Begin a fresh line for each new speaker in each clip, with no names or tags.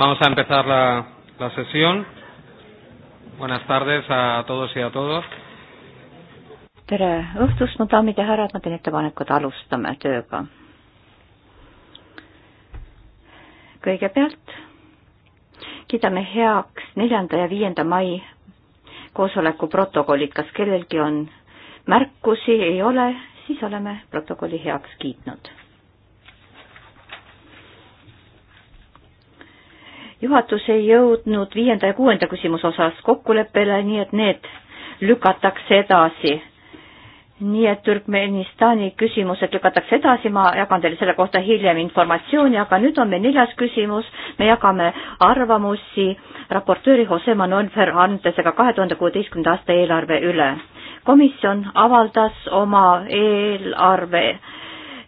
Vamos a empezar la, la sesión. Buenas tardes a todos ja todos.
tere õhtust, mu daamid ja härrad, ma teen ettepaneku, et alustame tööga. kõigepealt kiidame heaks neljanda ja viienda mai koosoleku protokollid, kas kellelgi on märkusi, ei ole, siis oleme protokolli heaks kiitnud juhatus ei jõudnud viienda ja kuuenda küsimuse osas kokkuleppele, nii et need lükatakse edasi. nii et Türkmenistani küsimused lükatakse edasi, ma jagan teile selle kohta hiljem informatsiooni, aga nüüd on meil neljas küsimus, me jagame arvamusi raportööri Jose Manuel Ferrandesega kahe tuhande kuueteistkümnenda aasta eelarve üle. komisjon avaldas oma eelarve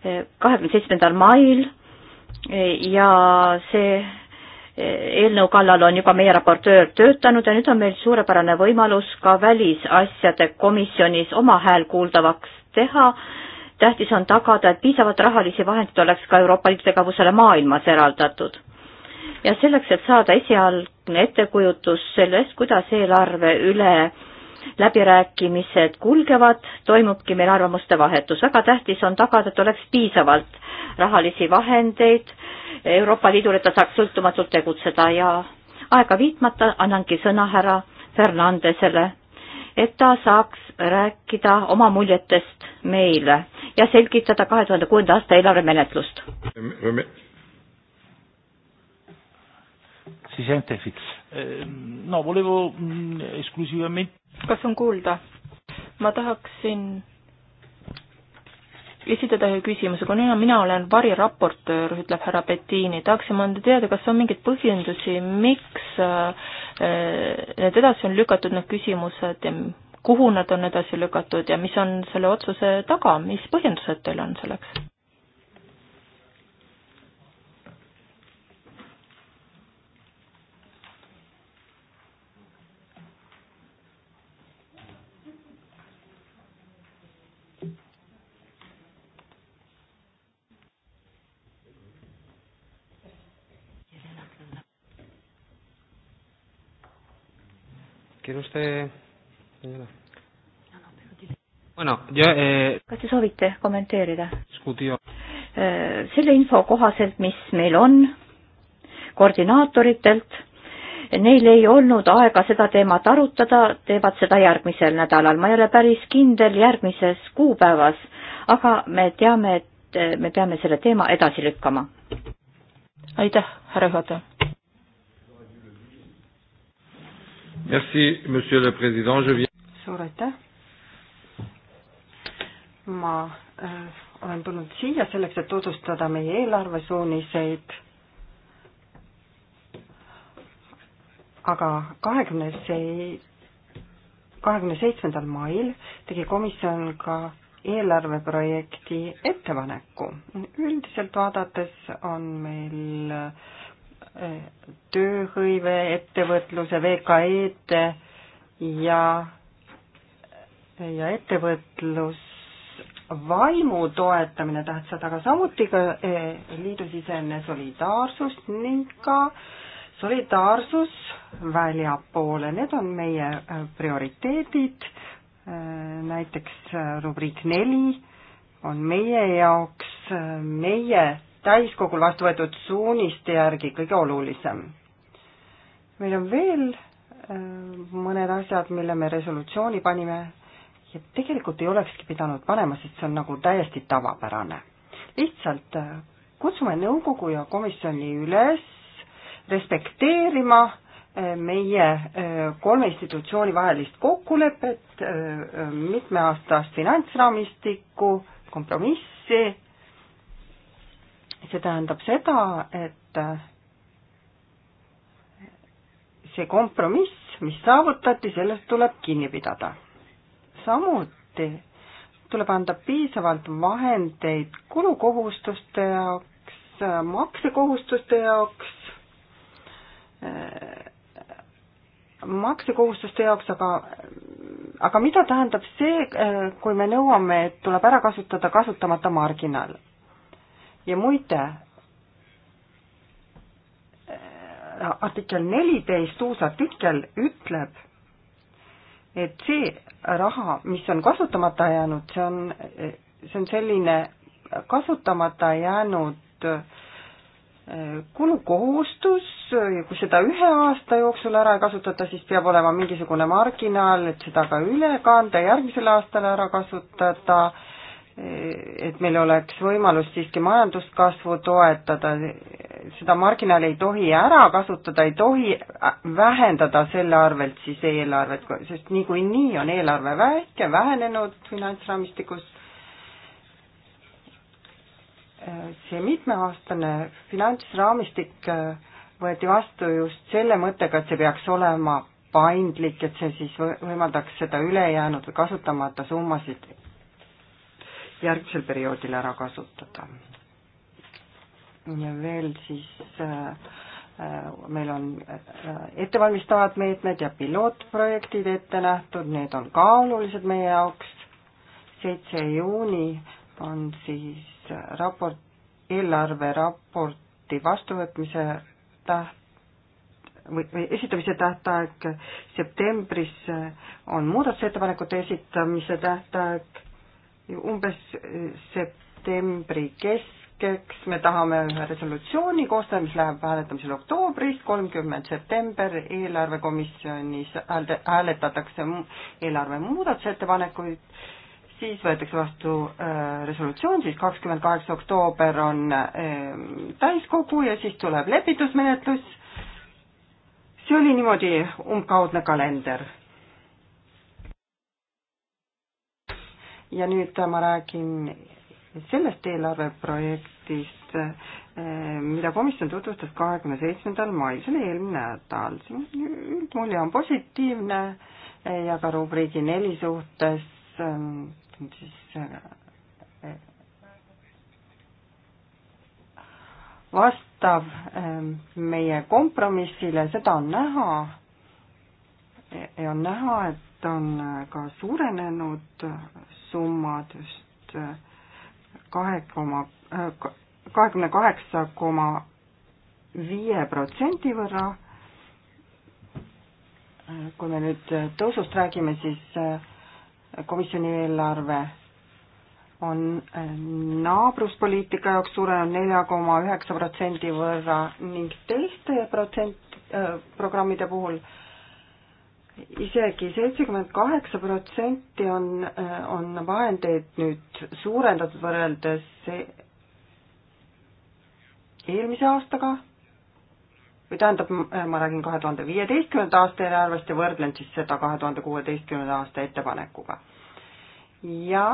eh, kahekümne seitsmendal mail eh, ja see eelnõu kallal on juba meie raportöör töötanud ja nüüd on meil suurepärane võimalus ka välisasjade komisjonis oma hääl kuuldavaks teha. tähtis on tagada, et piisavalt rahalisi vahendeid oleks ka Euroopa Liidu tegevusele maailmas eraldatud. ja selleks, et saada esialgne ettekujutus sellest, kuidas eelarve üle läbirääkimised kulgevad, toimubki meil arvamuste vahetus. väga tähtis on tagada, et oleks piisavalt rahalisi vahendeid Euroopa Liidule, et ta saaks sõltumatult tegutseda ja aega viitmata annangi sõna härra Fernandesele, et ta saaks rääkida oma muljetest meile ja selgitada kahe tuhande kuuenda aasta eelarvemenetlust
si sente sì.
Eh, no, volevo mh, mm, esclusivamente... kas on kuulda? ma tahaksin esitada ühe küsimuse, kuna mina olen variraportöör, ütleb härra Bettini, tahaksin ma anda teada, kas on mingeid põhjendusi, miks eh, need edasi on lükatud, need küsimused ja kuhu nad on edasi lükatud ja mis on selle otsuse taga, mis põhjendused teil on selleks?
¿Quiere usted, señora? Bueno, yo, eh...
kas te soovite kommenteerida? Eh, selle info kohaselt, mis meil on koordinaatoritelt, neil ei olnud aega seda teemat arutada, teevad seda järgmisel nädalal, ma ei ole päris kindel järgmises kuupäevas, aga me teame, et me peame selle teema edasi lükkama.
aitäh, härra juhataja
Merci, monsieur le president, je viens.
suur aitäh. ma äh, olen tulnud siia selleks, et tutvustada meie eelarvesuuniseid. aga kahekümne sei-, kahekümne seitsmendal mail tegi komisjon ka eelarveprojekti ettepaneku. üldiselt vaadates on meil äh, tööhõive, ettevõtluse, VKE-d ja, ja ettevõtlusvaimu toetamine tähtsad, aga samuti ka eh, liidusisene solidaarsus ning ka solidaarsus väljapoole, need on meie eh, prioriteedid, eh, näiteks rubriik neli on meie jaoks meie täiskogul vastu võetud suuniste järgi kõige olulisem. meil on veel äh, mõned asjad, mille me resolutsiooni panime ja tegelikult ei olekski pidanud panema, sest see on nagu täiesti tavapärane. lihtsalt äh, kutsume nõukogu ja komisjoni üles respekteerima äh, meie kolme institutsiooni vahelist kokkulepet, mitmeaastast finantsraamistikku, kompromissi see tähendab seda, et see kompromiss, mis saavutati, sellest tuleb kinni pidada. samuti tuleb anda piisavalt vahendeid kulukohustuste jaoks, maksekohustuste jaoks, maksekohustuste jaoks, aga, aga mida tähendab see, kui me nõuame, et tuleb ära kasutada kasutamata marginaal? ja muide, äh, artikkel neliteist, uus artikkel ütleb, et see raha, mis on kasutamata jäänud, see on, see on selline kasutamata jäänud äh, kulukohustus ja kui seda ühe aasta jooksul ära ei kasutata, siis peab olema mingisugune marginaal, et seda ka üle kanda, järgmisel aastal ära kasutada et meil oleks võimalus siiski majanduskasvu toetada, seda marginaali ei tohi ära kasutada, ei tohi vähendada selle arvelt siis eelarvet, sest niikuinii on eelarve väike, vähenenud finantsraamistikus. see mitmeaastane finantsraamistik võeti vastu just selle mõttega, et see peaks olema paindlik, et see siis võimaldaks seda ülejäänud või kasutamata summasid järgmisel perioodil ära kasutada. ja veel siis äh, äh, meil on äh, ettevalmistavad meetmed ja pilootprojektid ette nähtud, need on ka olulised meie jaoks. seitse juuni on siis raport, eelarveraporti vastuvõtmise täht, või, või esitamise tähtaeg, septembris on muudatusettepanekute esitamise tähtaeg umbes eh, septembri keskeks me tahame ühe resolutsiooni koostada, mis läheb hääletamisele oktoobris, kolmkümmend september eelarvekomisjonis hääletatakse eelarve muudatusettepanekuid, siis võetakse vastu äh, resolutsioon, siis kakskümmend kaheksa oktoober on äh, täiskogu ja siis tuleb lepitusmenetlus. see oli niimoodi umbkaudne kalender ja nüüd ma räägin sellest eelarveprojektist, eh, mida komisjon tutvustas kahekümne seitsmendal mail, see oli eelmine nädal. üldmulje on positiivne eh, ja ka rubriigi neli suhtes ehm, siis eh, vastav ehm, meie kompromissile, seda on näha, on näha, et on äh, ka suurenenud summad just äh, kahe koma, äh, kahekümne kaheksa koma viie protsendi võrra. kui me nüüd tõusust räägime, siis komisjoni eelarve on naabruspoliitika jaoks suurenenud nelja koma üheksa protsendi võrra ning teiste protsent, programmide puhul isegi seitsekümmend kaheksa protsenti on, äh, on vahendeid nüüd suurendatud võrreldes eelmise aastaga või tähendab, äh, ma räägin kahe tuhande viieteistkümnenda aasta eelarvest ja võrdlen siis seda kahe tuhande kuueteistkümnenda aasta ettepanekuga. ja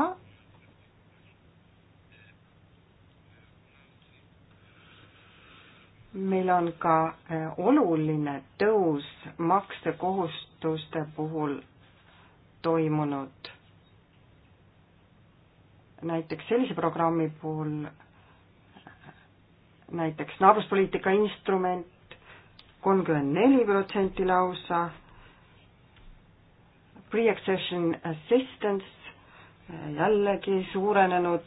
meil on ka eh, oluline tõus maksekohustuste puhul toimunud. näiteks sellise programmi puhul, eh, näiteks naabruspoliitika instrument kolmkümmend neli protsenti lausa, pre-accession assistance eh, jällegi suurenenud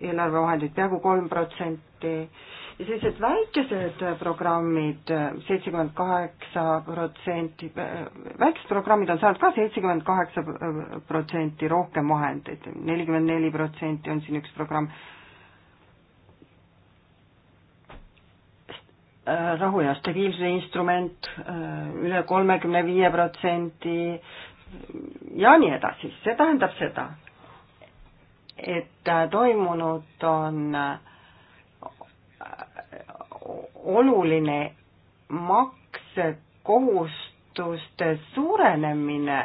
eelarvevahendid peaaegu kolm protsenti ja sellised väikesed äh, programmid, äh, seitsekümmend kaheksa protsenti, äh, väiksed programmid on saanud ka seitsekümmend kaheksa protsenti rohkem vahendeid, nelikümmend neli protsenti on siin üks programm. rahu ja stabiilsuse instrument üle kolmekümne viie protsendi ja nii edasi, see tähendab seda, et toimunud on äh, oluline maksekohustuste suurenemine,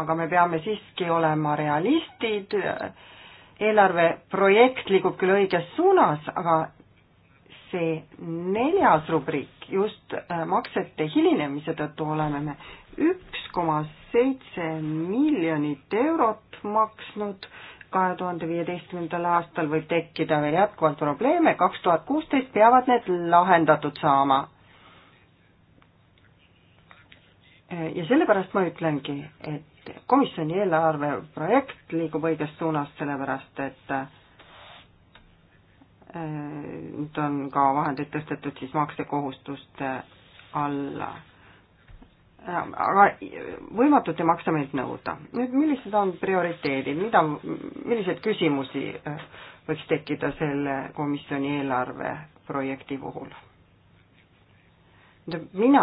aga me peame siiski olema realistid, eelarveprojekt liigub küll õiges suunas, aga see neljas rubriik, just äh, maksete hilinemise tõttu oleme me üks koma seitse miljonit eurot maksnud kahe tuhande viieteistkümnendal aastal võib tekkida veel jätkuvalt probleeme, kaks tuhat kuusteist peavad need lahendatud saama. ja sellepärast ma ütlengi, et komisjoni eelarve projekt liigub õiges suunas, sellepärast et äh, nüüd on ka vahendeid tõstetud siis maksekohustuste alla Äh, aga äh, võimatut ja maksa meilt nõuda. nüüd millised on prioriteedid, mida, milliseid küsimusi äh, võiks tekkida selle komisjoni eelarveprojekti puhul? mina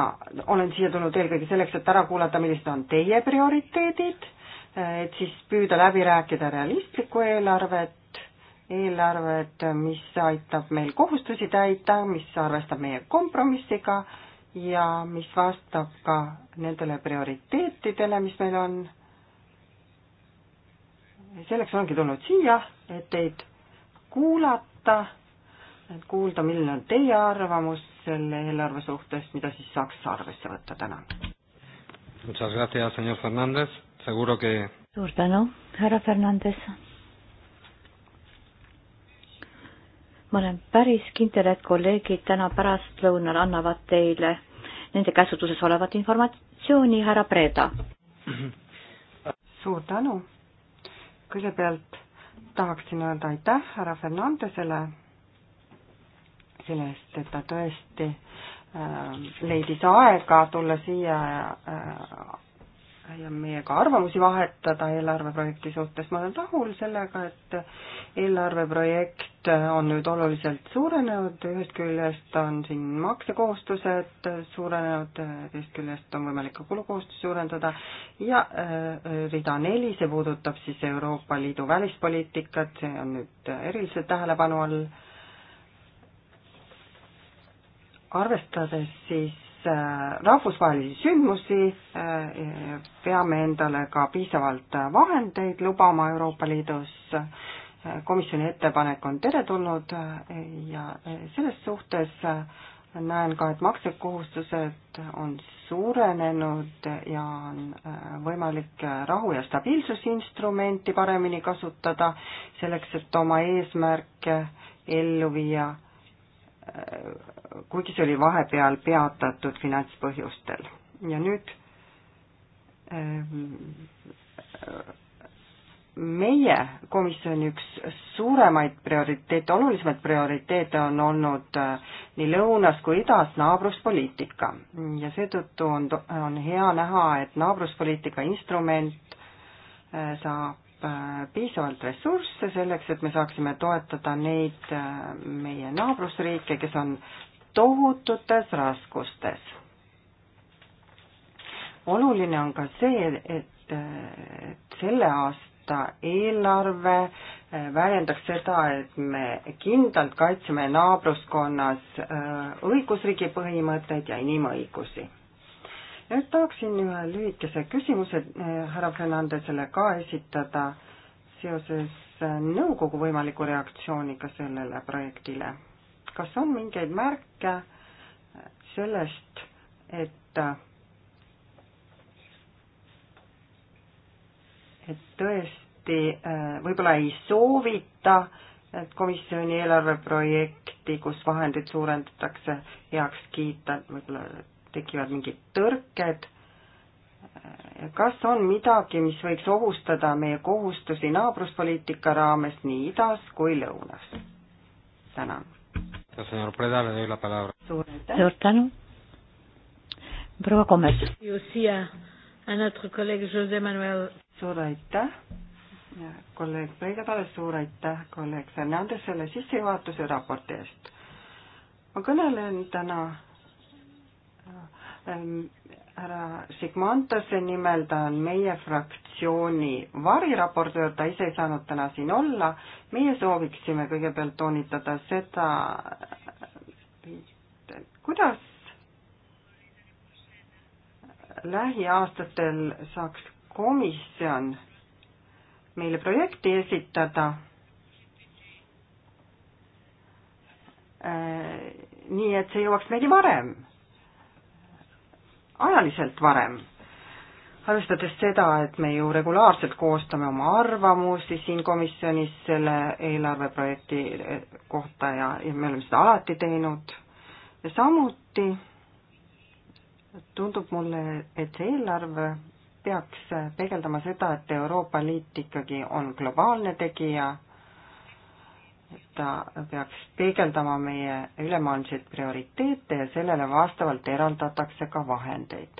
olen siia tulnud eelkõige selleks, et ära kuulata, millised on teie prioriteedid, et siis püüda läbi rääkida realistlikku eelarvet, eelarvet, mis aitab meil kohustusi täita, mis arvestab meie kompromissiga ja mis vastab ka nendele prioriteetidele, mis meil on. selleks ongi tulnud siia, et teid kuulata, et kuulda, milline on teie arvamus selle eelarve suhtes, mida siis saaks arvesse võtta, tänan. suur tänu, härra Fernandes.
ma olen päris kindel, et kolleegid täna pärastlõunal annavad teile nende käsutuses olevat informatsiooni,
härra Preda. suur tänu. kõigepealt tahaksin öelda aitäh härra Fernandesele selle eest, et ta tõesti äh, leidis aega tulla siia äh, ja meiega arvamusi vahetada eelarveprojekti suhtes. ma olen rahul sellega, et eelarveprojekt on nüüd oluliselt suurenenud, ühest küljest on siin maksekohustused suurenenud, teisest küljest on võimalik ka kulukohustusi suurendada ja äh, rida neli, see puudutab siis Euroopa Liidu välispoliitikat, see on nüüd erilise tähelepanu all. arvestades siis Äh, rahvusvahelisi sündmusi, äh, peame endale ka piisavalt äh, vahendeid lubama Euroopa Liidus, komisjoni ettepanek on teretulnud ja selles suhtes näen ka, et maksekohustused on suurenenud ja on võimalik rahu- ja stabiilsusinstrumenti paremini kasutada selleks, et oma eesmärke ellu viia kuigi see oli vahepeal peatatud finantspõhjustel. ja nüüd ehm, meie komisjoni üks suuremaid prioriteete, olulisemaid prioriteete on olnud eh, nii lõunas kui idas naabruspoliitika ja seetõttu on, on hea näha, et naabruspoliitika instrument eh, saab Äh, piisavalt ressursse selleks, et me saaksime toetada neid äh, meie naabrusriike, kes on tohututes raskustes. oluline on ka see, et, äh, et selle aasta eelarve väljendaks seda, et me kindlalt kaitseme naabruskonnas õigusriigi põhimõtteid ja inimõigusi nüüd tahaksin ühe lühikese küsimuse eh, härra Fernandesele ka esitada seoses eh, nõukogu võimaliku reaktsiooniga sellele projektile. kas on mingeid märke eh, sellest, et et tõesti võib-olla ei soovita et komisjoni eelarveprojekti, kus vahendeid suurendatakse, heaks kiita, võib-olla tekivad mingid tõrked. kas on midagi, mis võiks ohustada meie kohustusi naabruspoliitika raames nii idas kui lõunas? tänan.
suur
tänu. proua Komes. Uh, suur aitäh kolleeg Peigale, suur aitäh kolleeg Fernandesele sissejuhatuse raporti eest. ma kõnelen täna Ähm, härra Sigmantose nimel, ta on meie fraktsiooni variraportöör, ta ise ei saanud täna siin olla. meie sooviksime kõigepealt toonitada seda, kuidas lähiaastatel saaks komisjon meile projekti esitada äh, nii et see jõuaks meile varem ajaliselt varem, arvestades seda, et me ju regulaarselt koostame oma arvamusi siin komisjonis selle eelarveprojekti kohta ja, ja me oleme seda alati teinud, ja samuti tundub mulle, et see eelarve peaks peegeldama seda, et Euroopa Liit ikkagi on globaalne tegija ta peaks peegeldama meie ülemaailmseid prioriteete ja sellele vastavalt eraldatakse ka vahendeid.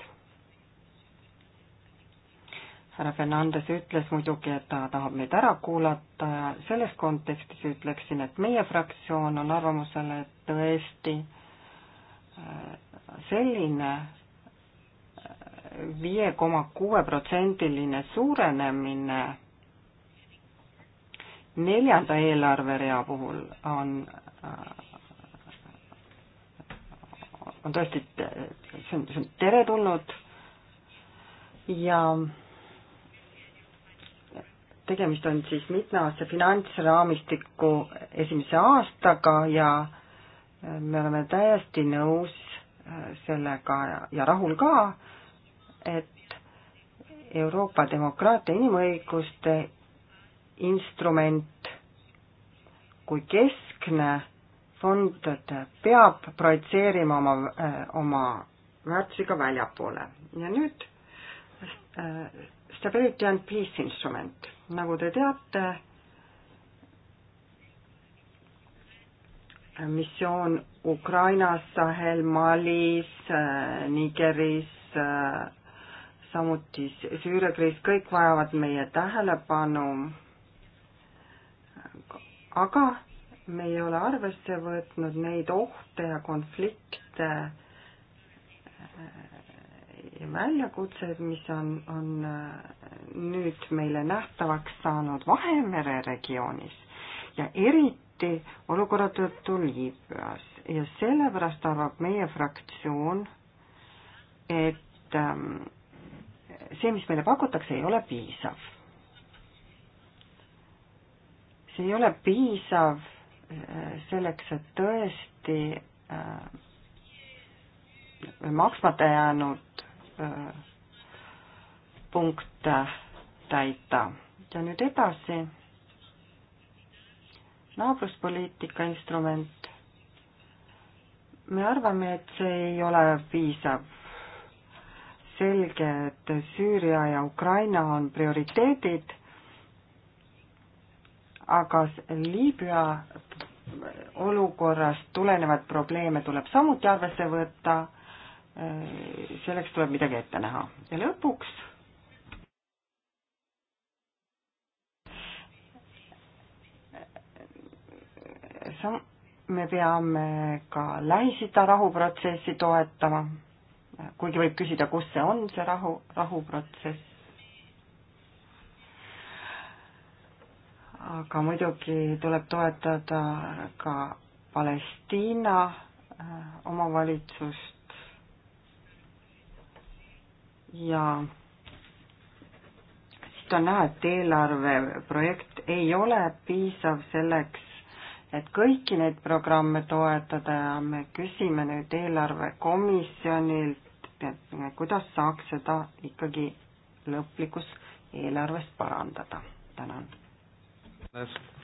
härra Fernandes ütles muidugi, et ta tahab meid ära kuulata ja selles kontekstis ütleksin, et meie fraktsioon on arvamusel, et tõesti äh, selline äh, viie koma kuue protsendiline suurenemine neljanda eelarverea puhul on, äh, on tõesti, see on, see on teretulnud ja tegemist on siis mitmeaastase finantsraamistiku esimese aastaga ja äh, me oleme täiesti nõus äh, sellega ja, ja rahul ka, et Euroopa demokraatia inimõiguste instrument kui keskne fond peab projitseerima oma, oma väärtusega väljapoole ja nüüd äh, Stability and Peace instrument, nagu te teate, missioon Ukrainas, Sahel, Malis, äh, Nigeris, äh, samuti Süüria kriis, kõik vajavad meie tähelepanu aga me ei ole arvesse võtnud neid ohte ja konflikte äh, ja väljakutsed, mis on, on äh, nüüd meile nähtavaks saanud Vahemere regioonis ja eriti olukorra tõttu Liibüas ja sellepärast arvab meie fraktsioon, et ähm, see, mis meile pakutakse, ei ole piisav see ei ole piisav äh, selleks, et tõesti äh, maksmata jäänud äh, punkte täita. ja nüüd edasi. naabruspoliitika instrument. me arvame, et see ei ole piisav. selge, et Süüria ja Ukraina on prioriteedid aga Liibüa olukorrast tulenevaid probleeme tuleb samuti arvesse võtta, selleks tuleb midagi ette näha. ja lõpuks sam-, me peame ka Lähis-Ida rahuprotsessi toetama, kuigi võib küsida, kus see on, see rahu, rahuprotsess. aga muidugi tuleb toetada ka Palestiina äh, omavalitsust ja siit on näha, et eelarveprojekt ei ole piisav selleks, et kõiki neid programme toetada ja me küsime nüüd eelarvekomisjonilt, et kuidas saaks seda ikkagi lõplikus eelarves parandada. tänan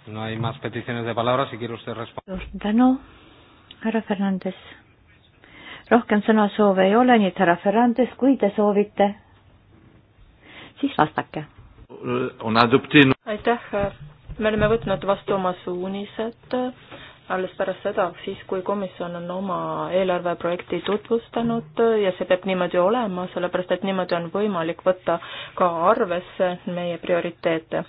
No hay más peticiones de palabra, si quiere usted responder.
suur tänu, härra
Fernandes. rohkem sõnasoove ei ole, nii et härra Fernandes, kui te soovite, siis vastake.
aitäh,
me oleme võtnud vastu oma suunised alles pärast seda, siis kui komisjon on oma eelarveprojekti tutvustanud ja see peab niimoodi olema, sellepärast et niimoodi on võimalik võtta ka arvesse meie prioriteete.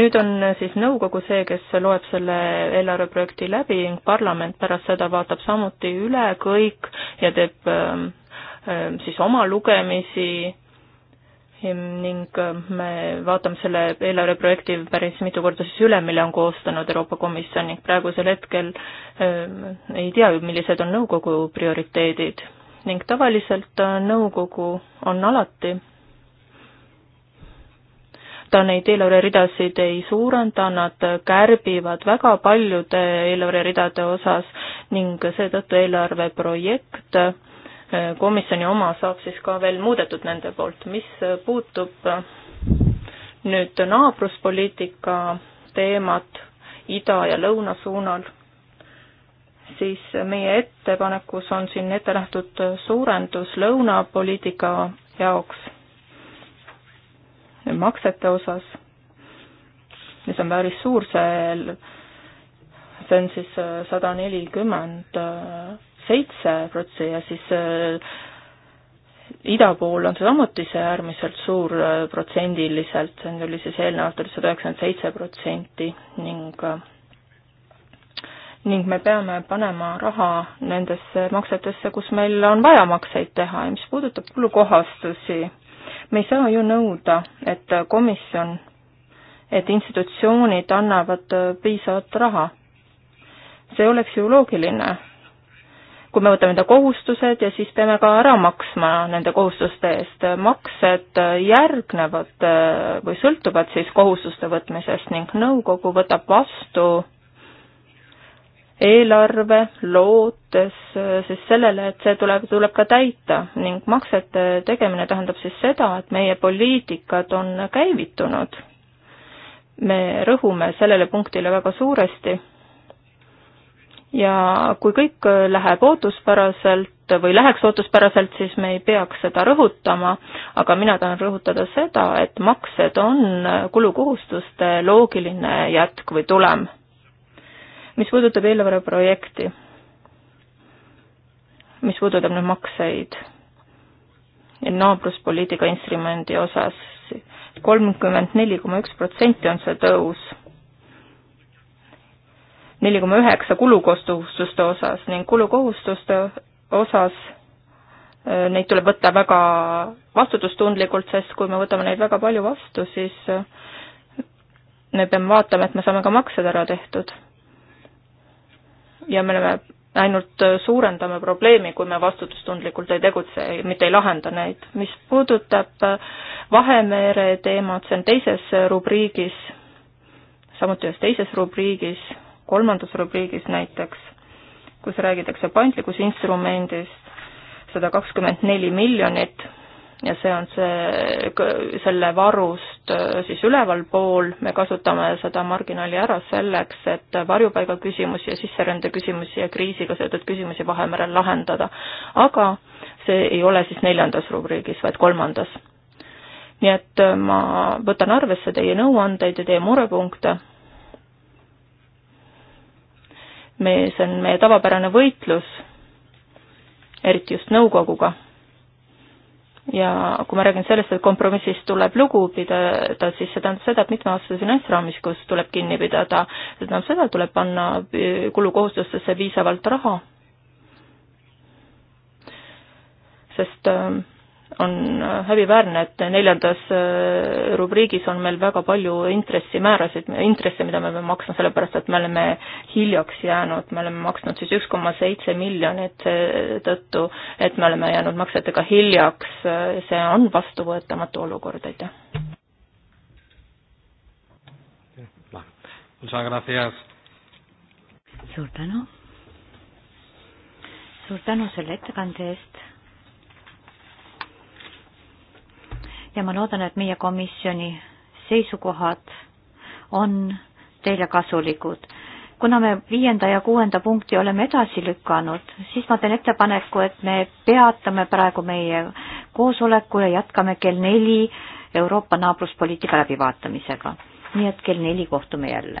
nüüd on siis nõukogu see, kes loeb selle eelarveprojekti läbi, parlament pärast seda vaatab samuti üle kõik ja teeb ähm, ähm, siis oma lugemisi ning äh, me vaatame selle eelarveprojekti päris mitu korda siis üle, mille on koostanud Euroopa Komisjon ning praegusel hetkel äh, ei tea ju, millised on nõukogu prioriteedid ning tavaliselt äh, nõukogu on alati ta neid eelarveridasid ei suurenda, nad kärbivad väga paljude eelarveridade osas ning seetõttu eelarveprojekt komisjoni oma saab siis ka veel muudetud nende poolt. mis puutub nüüd naabruspoliitika teemat ida ja lõuna suunal, siis meie ettepanekus on siin ette nähtud suurendus lõunapoliitika jaoks maksete osas, mis on päris suur, see, see on siis sada nelikümmend seitse protsi ja siis äh, ida pool on see samuti see äärmiselt suur äh, protsendiliselt, see oli siis eelnevalt oli sada üheksakümmend seitse protsenti ning äh, ning me peame panema raha nendesse maksetesse, kus meil on vaja makseid teha ja mis puudutab kulukohastusi, me ei saa ju nõuda, et komisjon, et institutsioonid annavad piisavat raha. see oleks ju loogiline kui me võtame enda kohustused ja siis peame ka ära maksma nende kohustuste eest. maksed järgnevad äh, või sõltuvad siis kohustuste võtmisest ning nõukogu võtab vastu eelarve, lootes äh, siis sellele, et see tuleb, tuleb ka täita ning maksete tegemine tähendab siis seda, et meie poliitikad on käivitunud. me rõhume sellele punktile väga suuresti ja kui kõik läheb ootuspäraselt või läheks ootuspäraselt, siis me ei peaks seda rõhutama, aga mina tahan rõhutada seda, et maksed on kulukohustuste loogiline jätk või tulem. mis puudutab eelarve projekti, mis puudutab nüüd makseid ja naabruspoliitika instrumendi osas, kolmkümmend neli koma üks protsenti on see tõus neli koma üheksa kulukohustuste osas ning kulukohustuste osas äh, neid tuleb võtta väga vastutustundlikult, sest kui me võtame neid väga palju vastu, siis äh, me peame vaatama, et me saame ka maksed ära tehtud. ja me oleme, ainult äh, suurendame probleemi, kui me vastutustundlikult ei tegutse, mitte ei lahenda neid. mis puudutab Vahemere teemat, see on teises rubriigis, samuti ühes teises rubriigis kolmandas rubriigis näiteks, kus räägitakse paindlikkusinstrumendist, sada kakskümmend neli miljonit ja see on see, selle varust äh, siis ülevalpool, me kasutame seda marginaali ära selleks, et varjupaiga küsimusi ja sisserände küsimusi ja kriisiga seotud küsimusi Vahemerel lahendada. aga see ei ole siis neljandas rubriigis, vaid kolmandas. nii et äh, ma võtan arvesse teie nõuandeid ja teie murepunkte me, see on meie tavapärane võitlus, eriti just nõukoguga. ja kui ma räägin sellest, et kompromissist tuleb lugu pidada, siis see tähendab seda, et mitmeaastase finantsraamistikus tuleb kinni pidada, see tähendab seda, et tuleb panna kulukohustustesse piisavalt raha, sest äh, on äh, häbiväärne, et neljandas äh, rubriigis on meil väga palju intressimäärasid, intresse, mida me peame maksma, sellepärast et me oleme hiljaks jäänud, me oleme maksnud siis üks koma seitse miljonit äh, tõttu, et me oleme jäänud maksetega hiljaks, see on vastuvõetamatu olukord, aitäh.
Noh,
suur tänu.
suur tänu selle ettekande eest ja ma loodan, et meie komisjoni seisukohad on teile kasulikud. kuna me viienda ja kuuenda punkti oleme edasi lükanud, siis ma teen ettepaneku, et me peatame praegu meie koosoleku ja jätkame kell neli Euroopa naabruspoliitika läbivaatamisega. nii et kell neli kohtume jälle.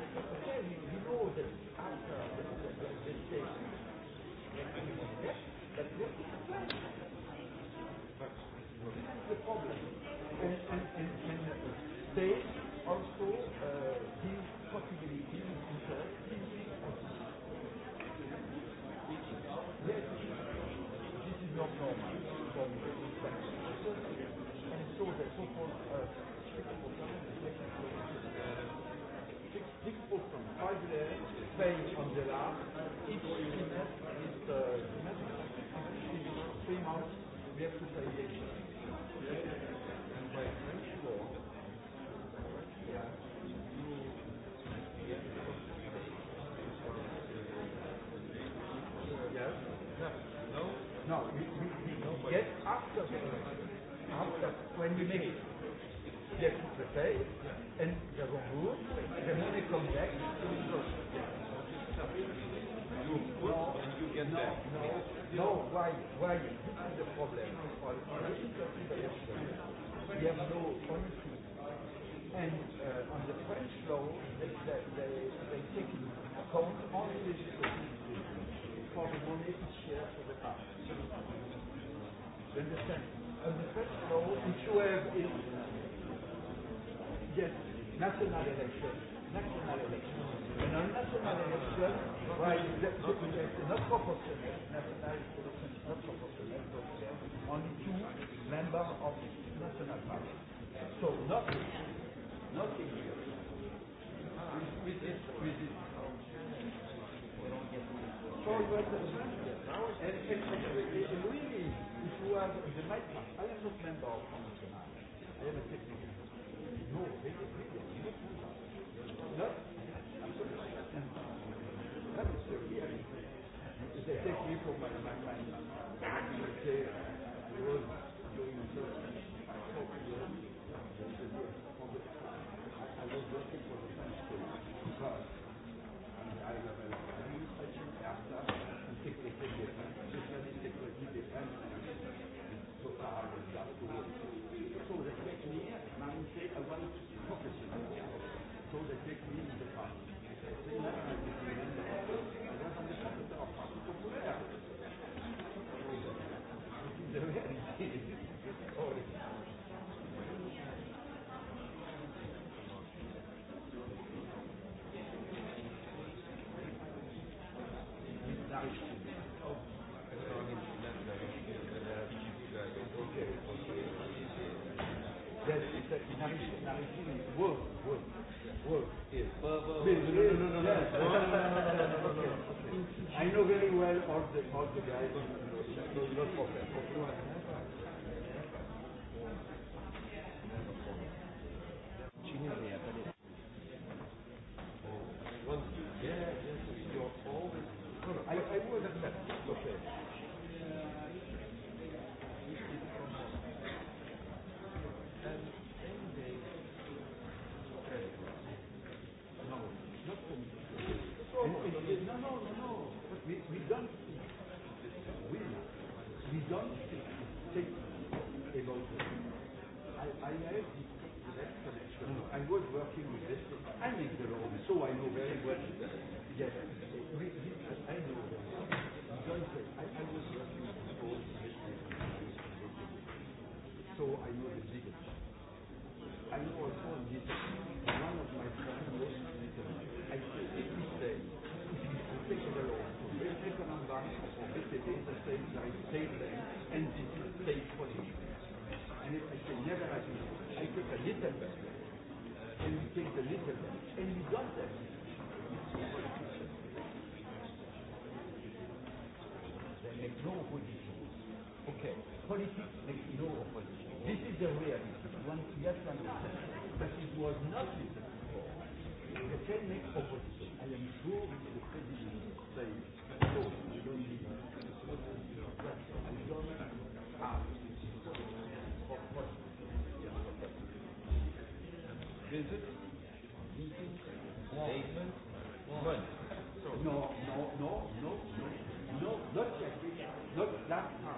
We have no honesty. And uh, on the French law, they, they, they take into account all this for the money it shares for the past. You understand? On the French law, if you have is, yes, national election, national election. And on national election, why is that not proportional? National election. member of national park. So not not in here. With, with this, with this. So you understand? Yes. Now it's I know very well all the all the guys. So you don't forget. Genius. That part.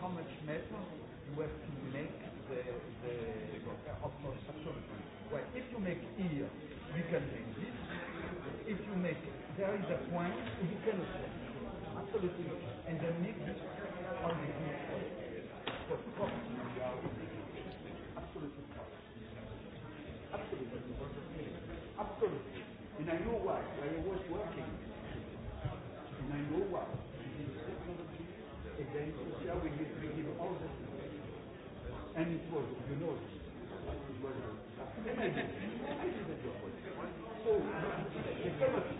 how much metal you have to make the, the of course, absolutely. Well, if you make here, you can make this. If you make, there is a point, you can absolutely, and then make this on the for cost. Absolutely. Absolutely. Absolutely. And I know why. I was working. And I know why against Russia. We give, we give all the and it was, you know, it was. And I did, I did the job. So the, the, the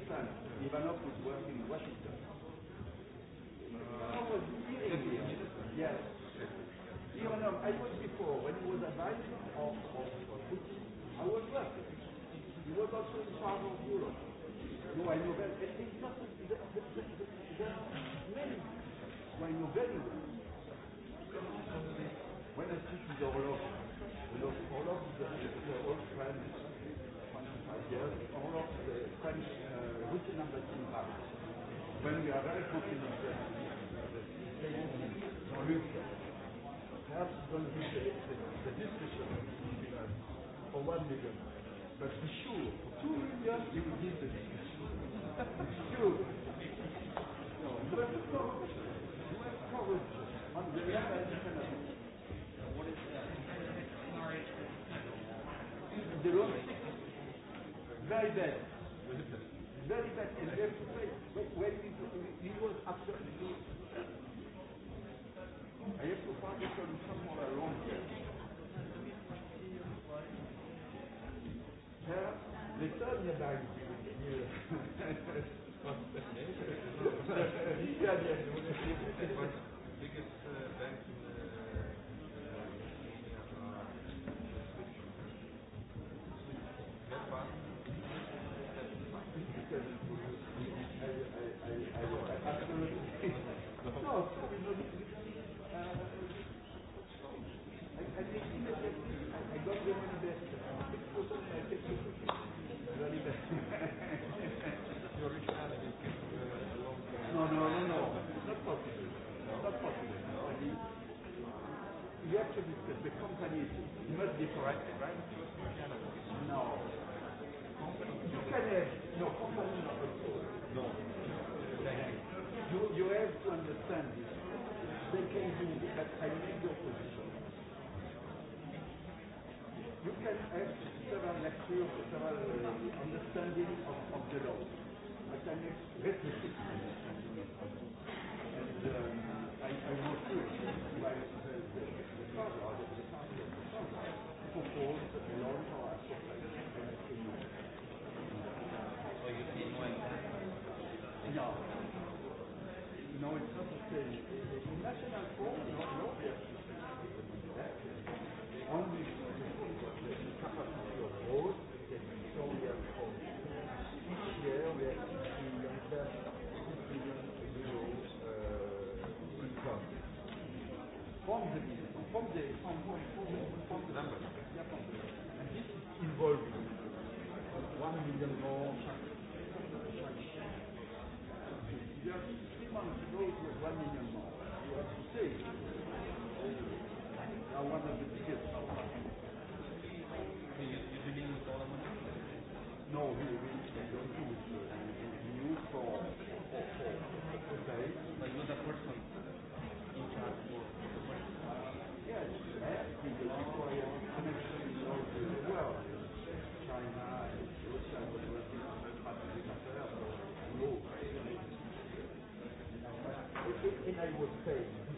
understand, Ivanov was working in Washington. How was he hearing here? Yes. Ivanov, I was before, when he was advising of, of Putin, I was working. He was also in charge of Europe. No, I know very well. It's not, there are many who I know very well. When I speak with Orlov, Orlov is an old friend, 25 years, Orlov is a French with the number two balance, when we are very confident that perhaps going to be the, the, the discussion for one million, but for sure, for two million, you will give the discussion. sure. No, you have to courage. You have courage. On the other hand, what is that? NRH. They don't very bad very bad and very straight. But when he, he was absolutely. I have to find it from somewhere around here. Her return about yeah, yeah. deforested, right? It was for Canada. No. Company. You can have, no, company not control. No. You, you have to understand this. They can do, but I need your position. You can have several lectures, several uh, understanding of, of the law, but I need retrospective. remember faith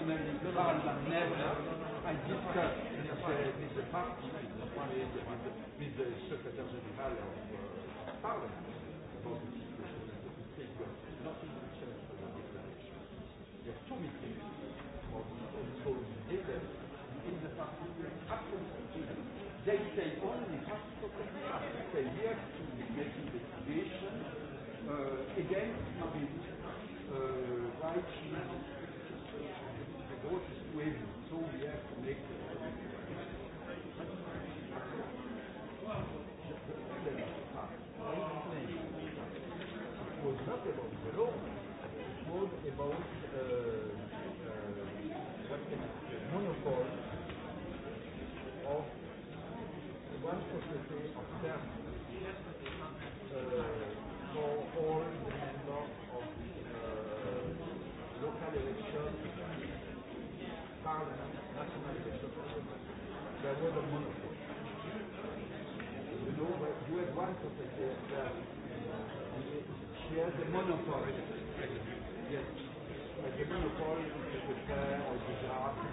qu'on a les deux balles à neige à dire que c'est pas mais le secrétaire général euh, parle. monopol. Yes. But the monopol is the fair or the draft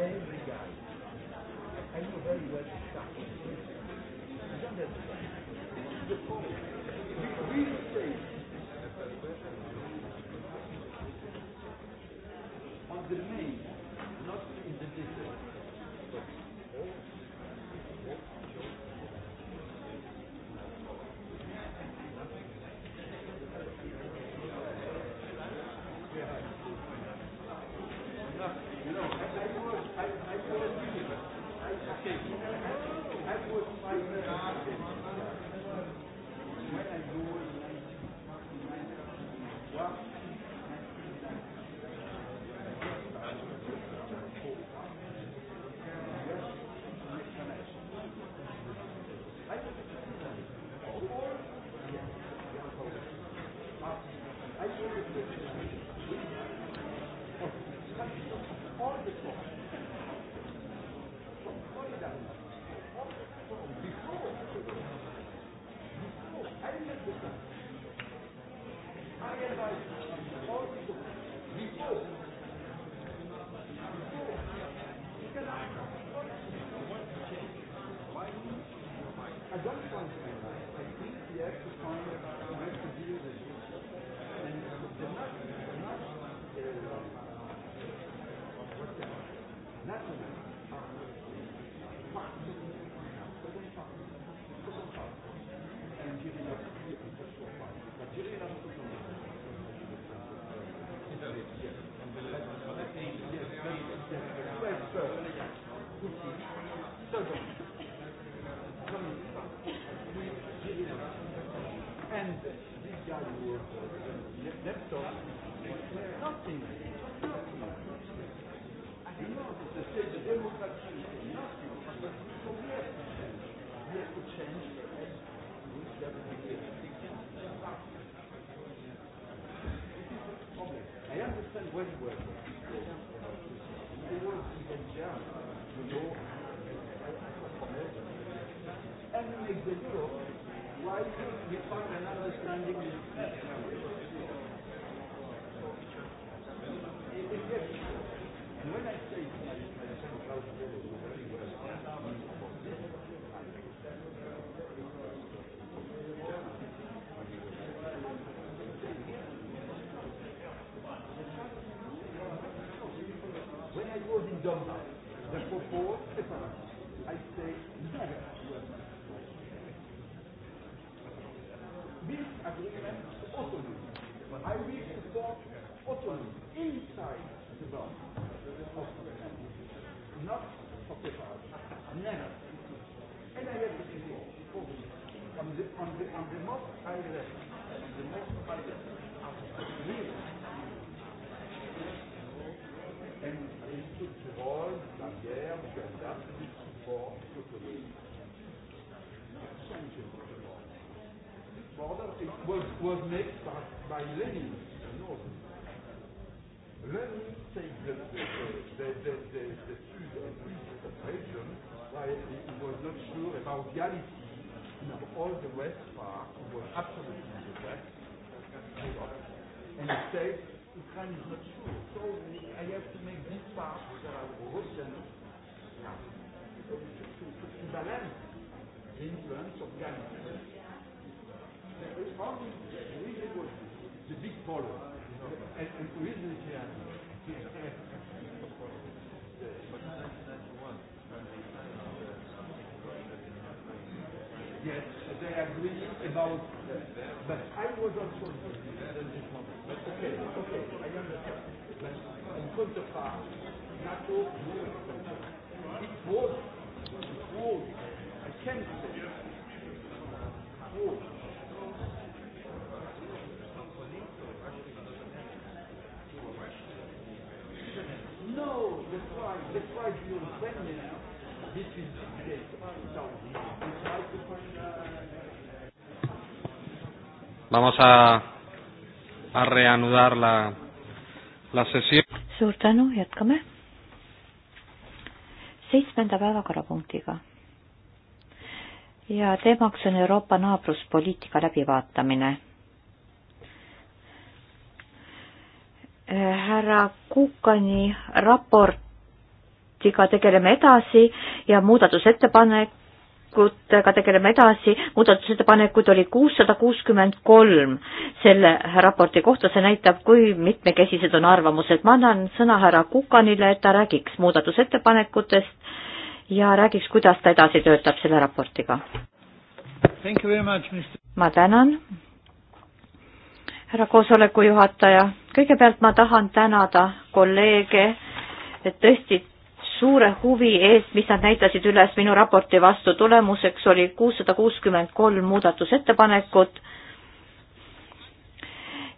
every guy. I know very well exactly. The point. Single. was made by, by Lenin. No. Lenin saved the, the, the, the, the, the Sud and East region while he was not sure about reality. No. All the West part was absolutely correct. And he said, Ukraine is not sure, so I have to make this part that are Russian now, to, to, to, to balance the influence of Gandhi. All these follow. And, and who is the jihadi? yes, they agree about. But I was also. But okay, okay, I understand. But in counterpart, NATO it was, it was, I can say, it was.
Vamos a, a reanudar la, la sessioon. suur tänu, jätkame.
seitsmenda päevakorrapunktiga. ja teemaks on Euroopa naabruspoliitika läbivaatamine. Äh, härra Kukani raport raportiga tegeleme edasi ja muudatusettepanekutega tegeleme edasi. muudatusettepanekuid oli kuussada kuuskümmend kolm selle raporti kohta, see näitab, kui mitmekesised on arvamused. ma annan sõna härra Kukanile, et ta räägiks muudatusettepanekutest ja räägiks, kuidas ta edasi töötab selle raportiga. ma tänan, härra koosoleku juhataja. kõigepealt ma tahan tänada kolleege, et tõesti suure huvi eest, mis nad näitasid üles minu raporti vastu. tulemuseks oli kuussada kuuskümmend kolm muudatusettepanekut.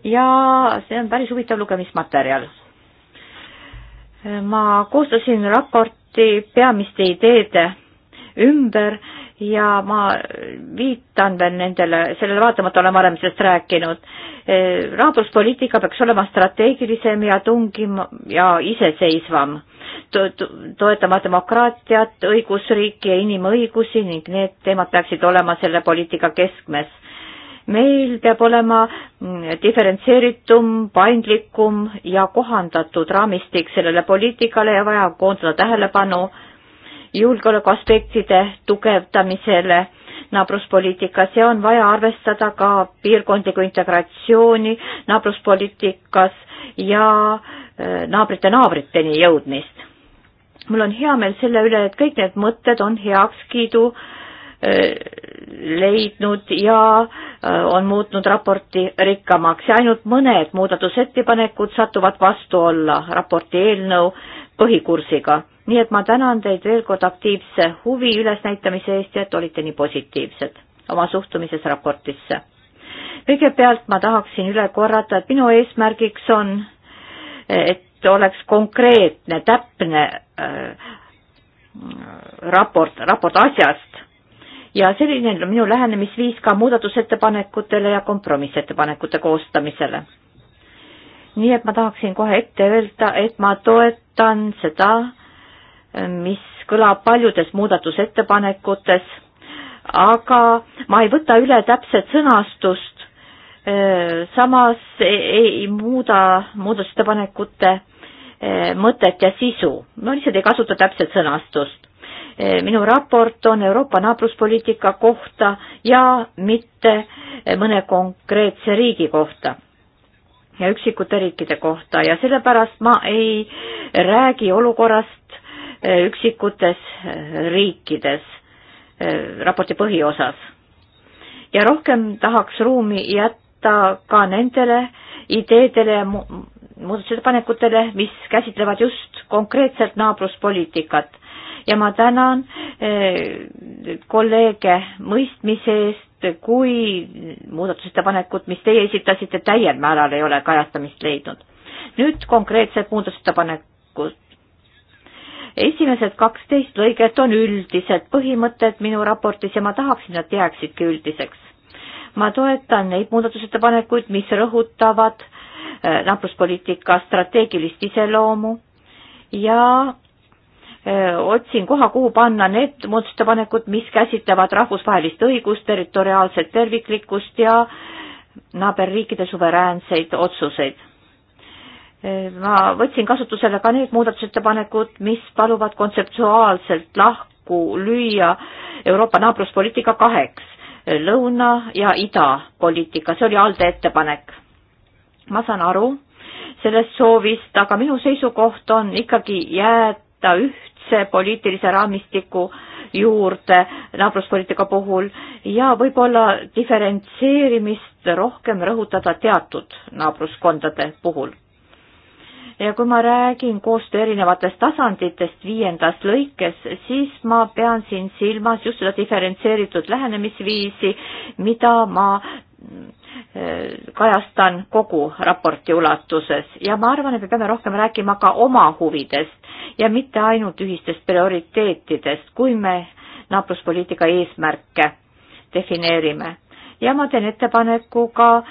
ja see on päris huvitav lugemismaterjal. ma koostasin raporti peamiste ideede ümber ja ma viitan veel nendele, sellele vaatamata olen varem sellest rääkinud rahanduspoliitika peaks olema strateegilisem ja tungim ja iseseisvam to, to, toetama demokraatiat, õigusriiki ja inimõigusi ning need teemad peaksid olema selle poliitika keskmes. meil peab olema mm, diferentseeritum, paindlikum ja kohandatud raamistik sellele poliitikale ja vaja koondada tähelepanu julgeoleku aspektide tugevdamisele naabruspoliitikas ja on vaja arvestada ka piirkondlikku integratsiooni naabruspoliitikas ja äh, naabrite naabriteni jõudmist. mul on hea meel selle üle, et kõik need mõtted on heakskiidu äh, leidnud ja äh, on muutnud raporti rikkamaks ja ainult mõned muudatusettepanekud satuvad vastu olla raporti eelnõu põhikursiga nii et ma tänan teid veel kord aktiivse huvi ülesnäitamise eest ja et olite nii positiivsed oma suhtumises raportisse. kõigepealt ma tahaksin üle korrata, et minu eesmärgiks on, et oleks konkreetne, täpne äh, raport, raport asjast ja selline on minu lähenemisviis ka muudatusettepanekutele ja kompromissettepanekute koostamisele nii et ma tahaksin kohe ette öelda, et ma toetan seda mis kõlab paljudes muudatusettepanekutes, aga ma ei võta üle täpset sõnastust, äh, samas ei, ei muuda muudatusettepanekute äh, mõtet ja sisu, ma lihtsalt ei kasuta täpset sõnastust äh, minu raport on Euroopa naabruspoliitika kohta ja mitte mõne konkreetse riigi kohta ja üksikute riikide kohta ja sellepärast ma ei räägi olukorrast üksikutes eh, riikides eh, raporti põhiosas. ja rohkem tahaks ruumi jätta ka nendele ideedele ja muudatusettepanekutele, mis käsitlevad just konkreetselt naabruspoliitikat. ja ma tänan eh, kolleege mõistmise eest, kui muudatusettepanekud, mis teie esitasite, täiel määral ei ole kajastamist leidnud. nüüd konkreetsed muudatusettepanekud esimesed kaksteist lõiget on üldised põhimõtted minu raportis ja ma tahaksin, nad jääksidki üldiseks. ma toetan neid muudatusettepanekuid, mis rõhutavad äh, naabruspoliitika strateegilist iseloomu ja äh, otsin koha, kuhu panna need muudatusettepanekud, mis käsitlevad rahvusvahelist õigust, territoriaalset terviklikkust ja naaberriikide suveräänseid otsuseid ma võtsin kasutusele ka need muudatusettepanekud, mis paluvad kontseptuaalselt lahku lüüa Euroopa naabruspoliitika kaheks, lõuna- ja idapoliitika, see oli ALDE ettepanek. ma saan aru sellest soovist, aga minu seisukoht on ikkagi jääda ühtse poliitilise raamistiku juurde naabruspoliitika puhul ja võib-olla diferentseerimist rohkem rõhutada teatud naabruskondade puhul ja kui ma räägin koostöö erinevatest tasanditest viiendas lõikes, siis ma pean siin silmas just seda diferentseeritud lähenemisviisi, mida ma äh, kajastan kogu raporti ulatuses ja ma arvan, et me peame rohkem rääkima ka oma huvidest ja mitte ainult ühistest prioriteetidest, kui me naabruspoliitika eesmärke defineerime ja ma teen ettepaneku ka äh,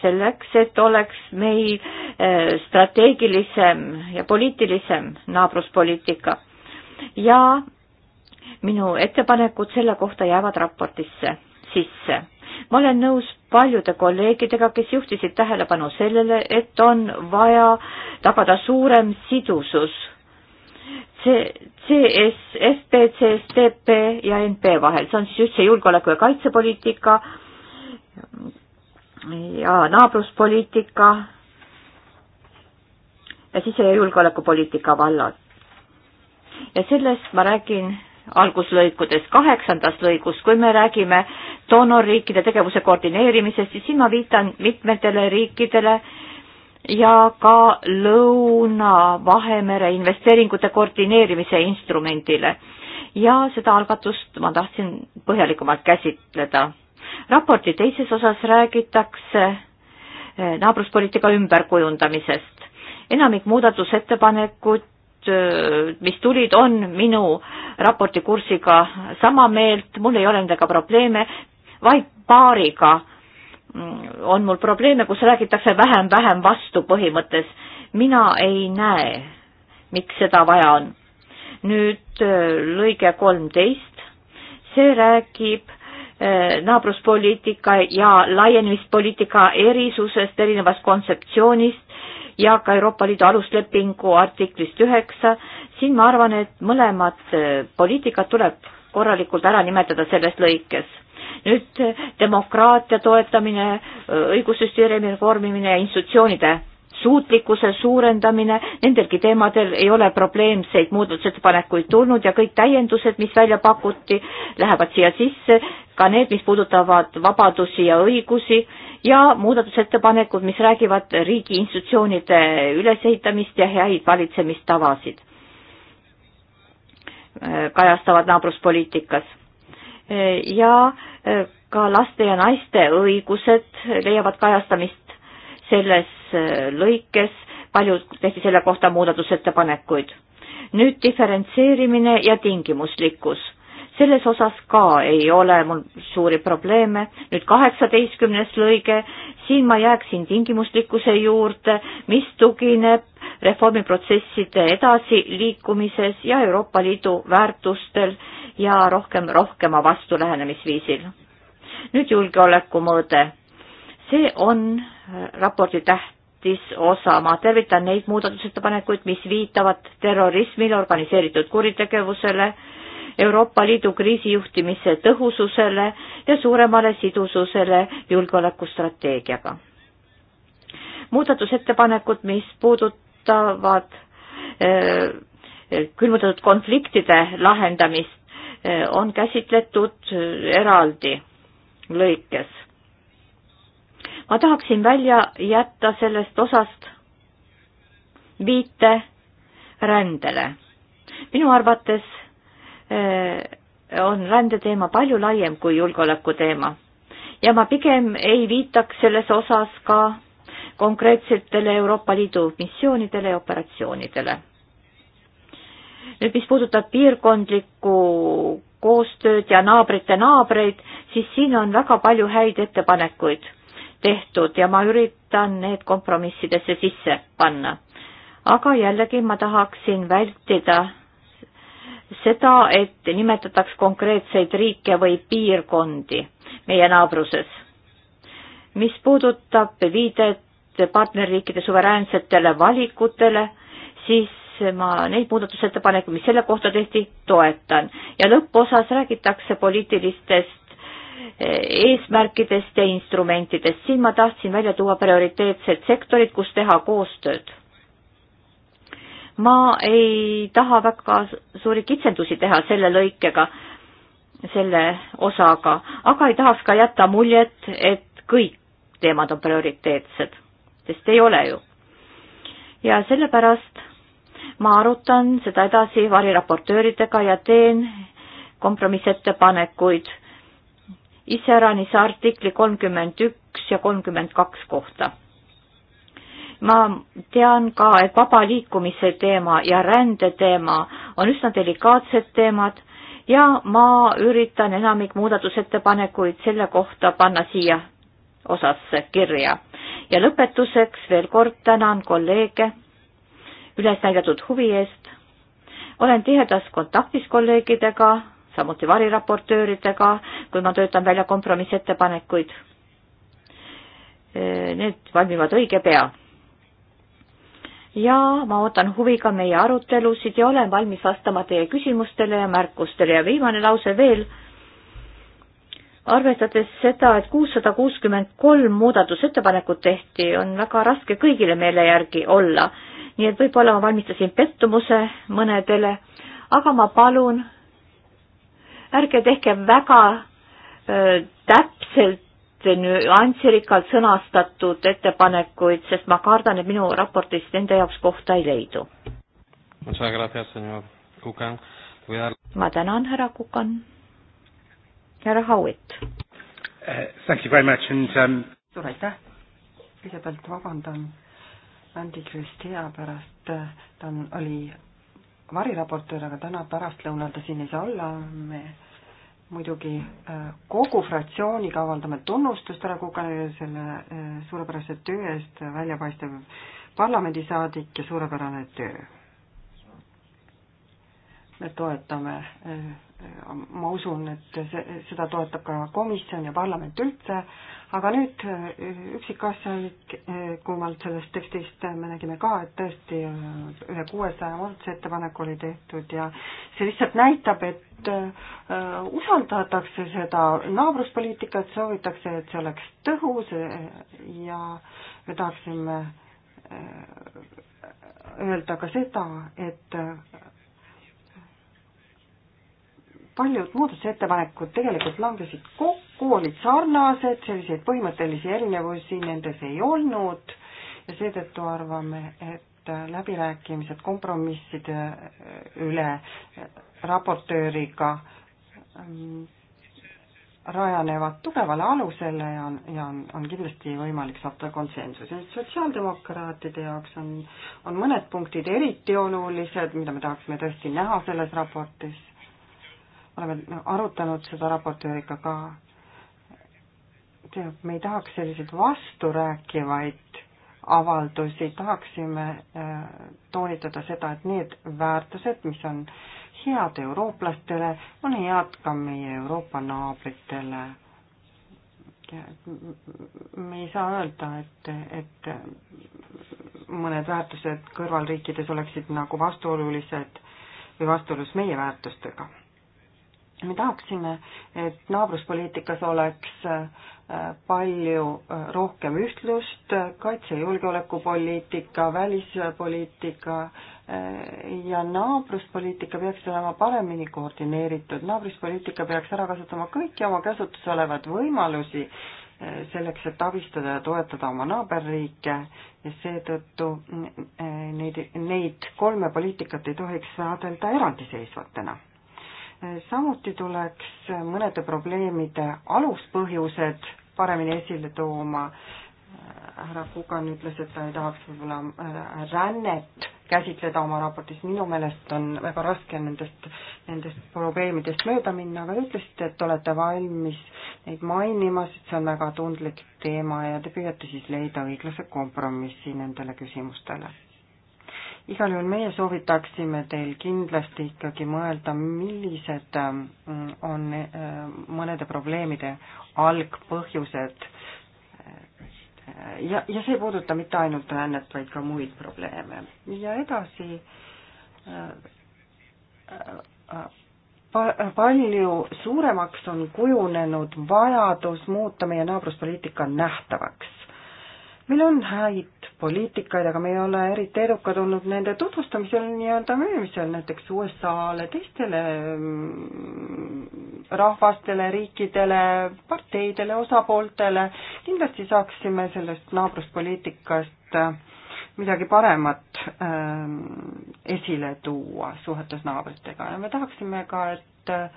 selleks, et oleks meil äh, strateegilisem ja poliitilisem naabruspoliitika. ja minu ettepanekud selle kohta jäävad raportisse sisse. ma olen nõus paljude kolleegidega, kes juhtisid tähelepanu sellele, et on vaja tagada suurem sidusus C, CS, FP, CSTP ja NP vahel, see on siis ühtse julgeoleku ja kaitsepoliitika ja naabruspoliitika ja sise- ja julgeolekupoliitika vallad. ja sellest ma räägin alguslõikudes, kaheksandas lõigus, kui me räägime doonorriikide tegevuse koordineerimisest, siis siin ma viitan mitmetele riikidele äh,, ja ka Lõuna-Vahemere investeeringute koordineerimise instrumendile. ja seda algatust ma tahtsin põhjalikumalt käsitleda. raporti teises osas räägitakse eh, naabruspoliitika ümberkujundamisest. enamik muudatusettepanekud eh, mis tulid, on minu raporti kursiga sama meelt, mul ei ole nendega probleeme, vaid paariga on mul probleeme, kus räägitakse vähem-vähem vastu põhimõttes. mina ei näe, miks seda vaja on. nüüd äh, lõige kolmteist, see räägib äh, naabruspoliitika ja laienemispoliitika erisusest, erinevast kontseptsioonist ja ka Euroopa Liidu aluslepingu artiklist üheksa. siin ma arvan, et mõlemad äh, poliitikad tuleb korralikult ära nimetada selles lõikes nüüd eh, demokraatia toetamine, eh, õigussüsteemi reformimine ja institutsioonide suutlikkuse suurendamine, nendelgi teemadel ei ole probleemseid muudatusettepanekuid tulnud ja kõik täiendused, mis välja pakuti, lähevad siia sisse, ka need, mis puudutavad vabadusi ja õigusi ja muudatusettepanekud, mis räägivad riigi institutsioonide ülesehitamist ja häid valitsemistavasid, eh, kajastavad naabruspoliitikas ja eh, ka laste ja naiste õigused leiavad kajastamist selles eh, lõikes, palju tehti selle kohta muudatusettepanekuid. nüüd diferentseerimine ja tingimuslikkus selles osas ka ei ole mul suuri probleeme. nüüd kaheksateistkümnes lõige, siin ma jääksin tingimuslikkuse juurde, mis tugineb reformiprotsesside edasiliikumises ja Euroopa Liidu väärtustel ja rohkem, rohkema vastu lähenemisviisil. nüüd julgeoleku mõõde. see on äh, raporti täht tähtis osa. ma tervitan neid muudatusettepanekuid, mis viitavad terrorismile, organiseeritud kuritegevusele Euroopa Liidu kriisijuhtimise tõhususele ja suuremale sidususele julgeolekustrateegiaga. muudatusettepanekud, mis puudutavad äh, külmutatud konfliktide lahendamist, äh, on käsitletud äh, eraldi lõikes. ma tahaksin välja jätta sellest osast viite rändele. minu arvates Äh, on rändeteema palju laiem kui julgeolekuteema ja ma pigem ei viitaks selles osas ka konkreetsetele Euroopa Liidu missioonidele ja operatsioonidele. nüüd, mis puudutab piirkondlikku koostööd ja naabrite naabreid, siis siin on väga palju häid ettepanekuid tehtud ja ma üritan need kompromissidesse sisse panna. aga jällegi ma tahaksin vältida seda, et nimetataks konkreetseid riike või piirkondi meie naabruses. mis puudutab viidet partnerriikide suveräänsetele valikutele, siis ma neid muudatusettepanekuid, mis selle kohta tehti, toetan. ja lõpposas räägitakse poliitilistest eh, eesmärkidest ja instrumentidest. siin ma tahtsin välja tuua prioriteetsed sektorid, kus teha koostööd ma ei taha väga suuri kitsendusi teha selle lõikega, selle osaga, aga ei tahaks ka jätta muljet, et kõik teemad on prioriteetsed, sest ei ole ju. ja sellepärast ma arutan seda edasi variraportööridega ja teen kompromissettepanekuid iseäranise artikli kolmkümmend üks ja kolmkümmend kaks kohta ma tean ka, et vaba liikumise teema ja rände teema on üsna delikaatsed teemad ja ma üritan enamik muudatusettepanekuid selle kohta panna siia osasse kirja. ja lõpetuseks veel kord tänan kolleege üles näidatud huvi eest. olen tihedas kontaktis kolleegidega, samuti variraportööridega, kui ma töötan välja kompromissettepanekuid. Need valmivad õige pea ja ma ootan huviga meie arutelusid ja olen valmis vastama teie küsimustele ja märkustele ja viimane lause veel. arvestades seda, et kuussada kuuskümmend kolm muudatusettepanekut tehti, on väga raske kõigile meele järgi olla, nii et võib-olla ma valmistasin pettumuse mõnedele, aga ma palun, ärge tehke väga öö, äh, täpselt nüansirikkalt sõnastatud ettepanekuid, sest ma kardan, et minu raportis nende jaoks kohta ei leidu. ma tänan, härra Kukan. härra
Howitt uh,.
Eh, um...
suur aitäh. kõigepealt vabandan Andi Kristea pärast, ta on, oli variraportöör, aga täna pärastlõunal ta siin ei saa olla, me muidugi äh, kogu fraktsiooniga avaldame tunnustust härra Kukanile selle äh, suurepärase töö eest, äh, väljapaistev parlamendisaadik ja suurepärane töö. me toetame, ma usun, et see, seda toetab ka komisjon ja parlament üldse, aga nüüd äh, üksikasjalikumalt sellest tekstist me nägime ka, et tõesti äh, üle kuuesaja muudatusettepaneku oli tehtud ja see lihtsalt näitab, et äh, usaldatakse seda naabruspoliitikat, soovitakse, et see oleks tõhus ja me tahaksime öelda ka seda, et paljud muudatusettepanekud tegelikult langesid kokku, olid sarnased, selliseid põhimõttelisi erinevusi nendes ei olnud ja seetõttu arvame, et läbirääkimised kompromisside üle raportööriga mm, rajanevad tugevale alusele ja on, ja on, on kindlasti võimalik saada konsensuse. sotsiaaldemokraatide jaoks on, on mõned punktid eriti olulised, mida me tahaksime tõesti näha selles raportis oleme arutanud seda raportööriga ka. tead, me ei tahaks selliseid vasturääkivaid avaldusi, tahaksime äh, toonitada seda, et need väärtused, mis on head eurooplastele, on head ka meie Euroopa naabritele. me ei saa öelda, et, et mõned väärtused kõrvalriikides oleksid nagu vastuolulised või vastuolus meie väärtustega me tahaksime, et naabruspoliitikas oleks äh, palju äh, rohkem ühtlust, kaitse- ja julgeolekupoliitika, välispoliitika äh, ja naabruspoliitika peaksid olema paremini koordineeritud, naabruspoliitika peaks ära kasutama kõiki oma käsutuses olevaid võimalusi selleks, et abistada ja toetada oma naaberriike ja seetõttu neid, neid kolme poliitikat ei tohiks vaadelda eraldiseisvatena samuti tuleks mõnede probleemide aluspõhjused paremini esile tooma. härra Kukan ütles, et ta ei tahaks võib-olla äh, rännet käsitleda oma raportis, minu meelest on väga raske nendest, nendest probleemidest mööda minna, aga te ütlesite, et olete valmis neid mainima, sest see on väga tundlik teema ja te püüate siis leida õiglase kompromissi nendele küsimustele igal juhul meie soovitaksime teil kindlasti ikkagi mõelda, millised ähm, on äh, mõnede probleemide algpõhjused. ja, ja see ei puuduta mitte ainult rännet, vaid ka muid probleeme. ja edasi äh, äh, pa-, palju suuremaks on kujunenud vajadus muuta meie naabruspoliitika nähtavaks meil on häid poliitikaid, aga me ei ole eriti edukad olnud nende tutvustamisel, nii-öelda müümisel näiteks USA-le, teistele mm, rahvastele, riikidele, parteidele, osapooltele. kindlasti saaksime sellest naabruspoliitikast äh, midagi paremat ähm, esile tuua suhetes naabritega ja me tahaksime ka, et äh,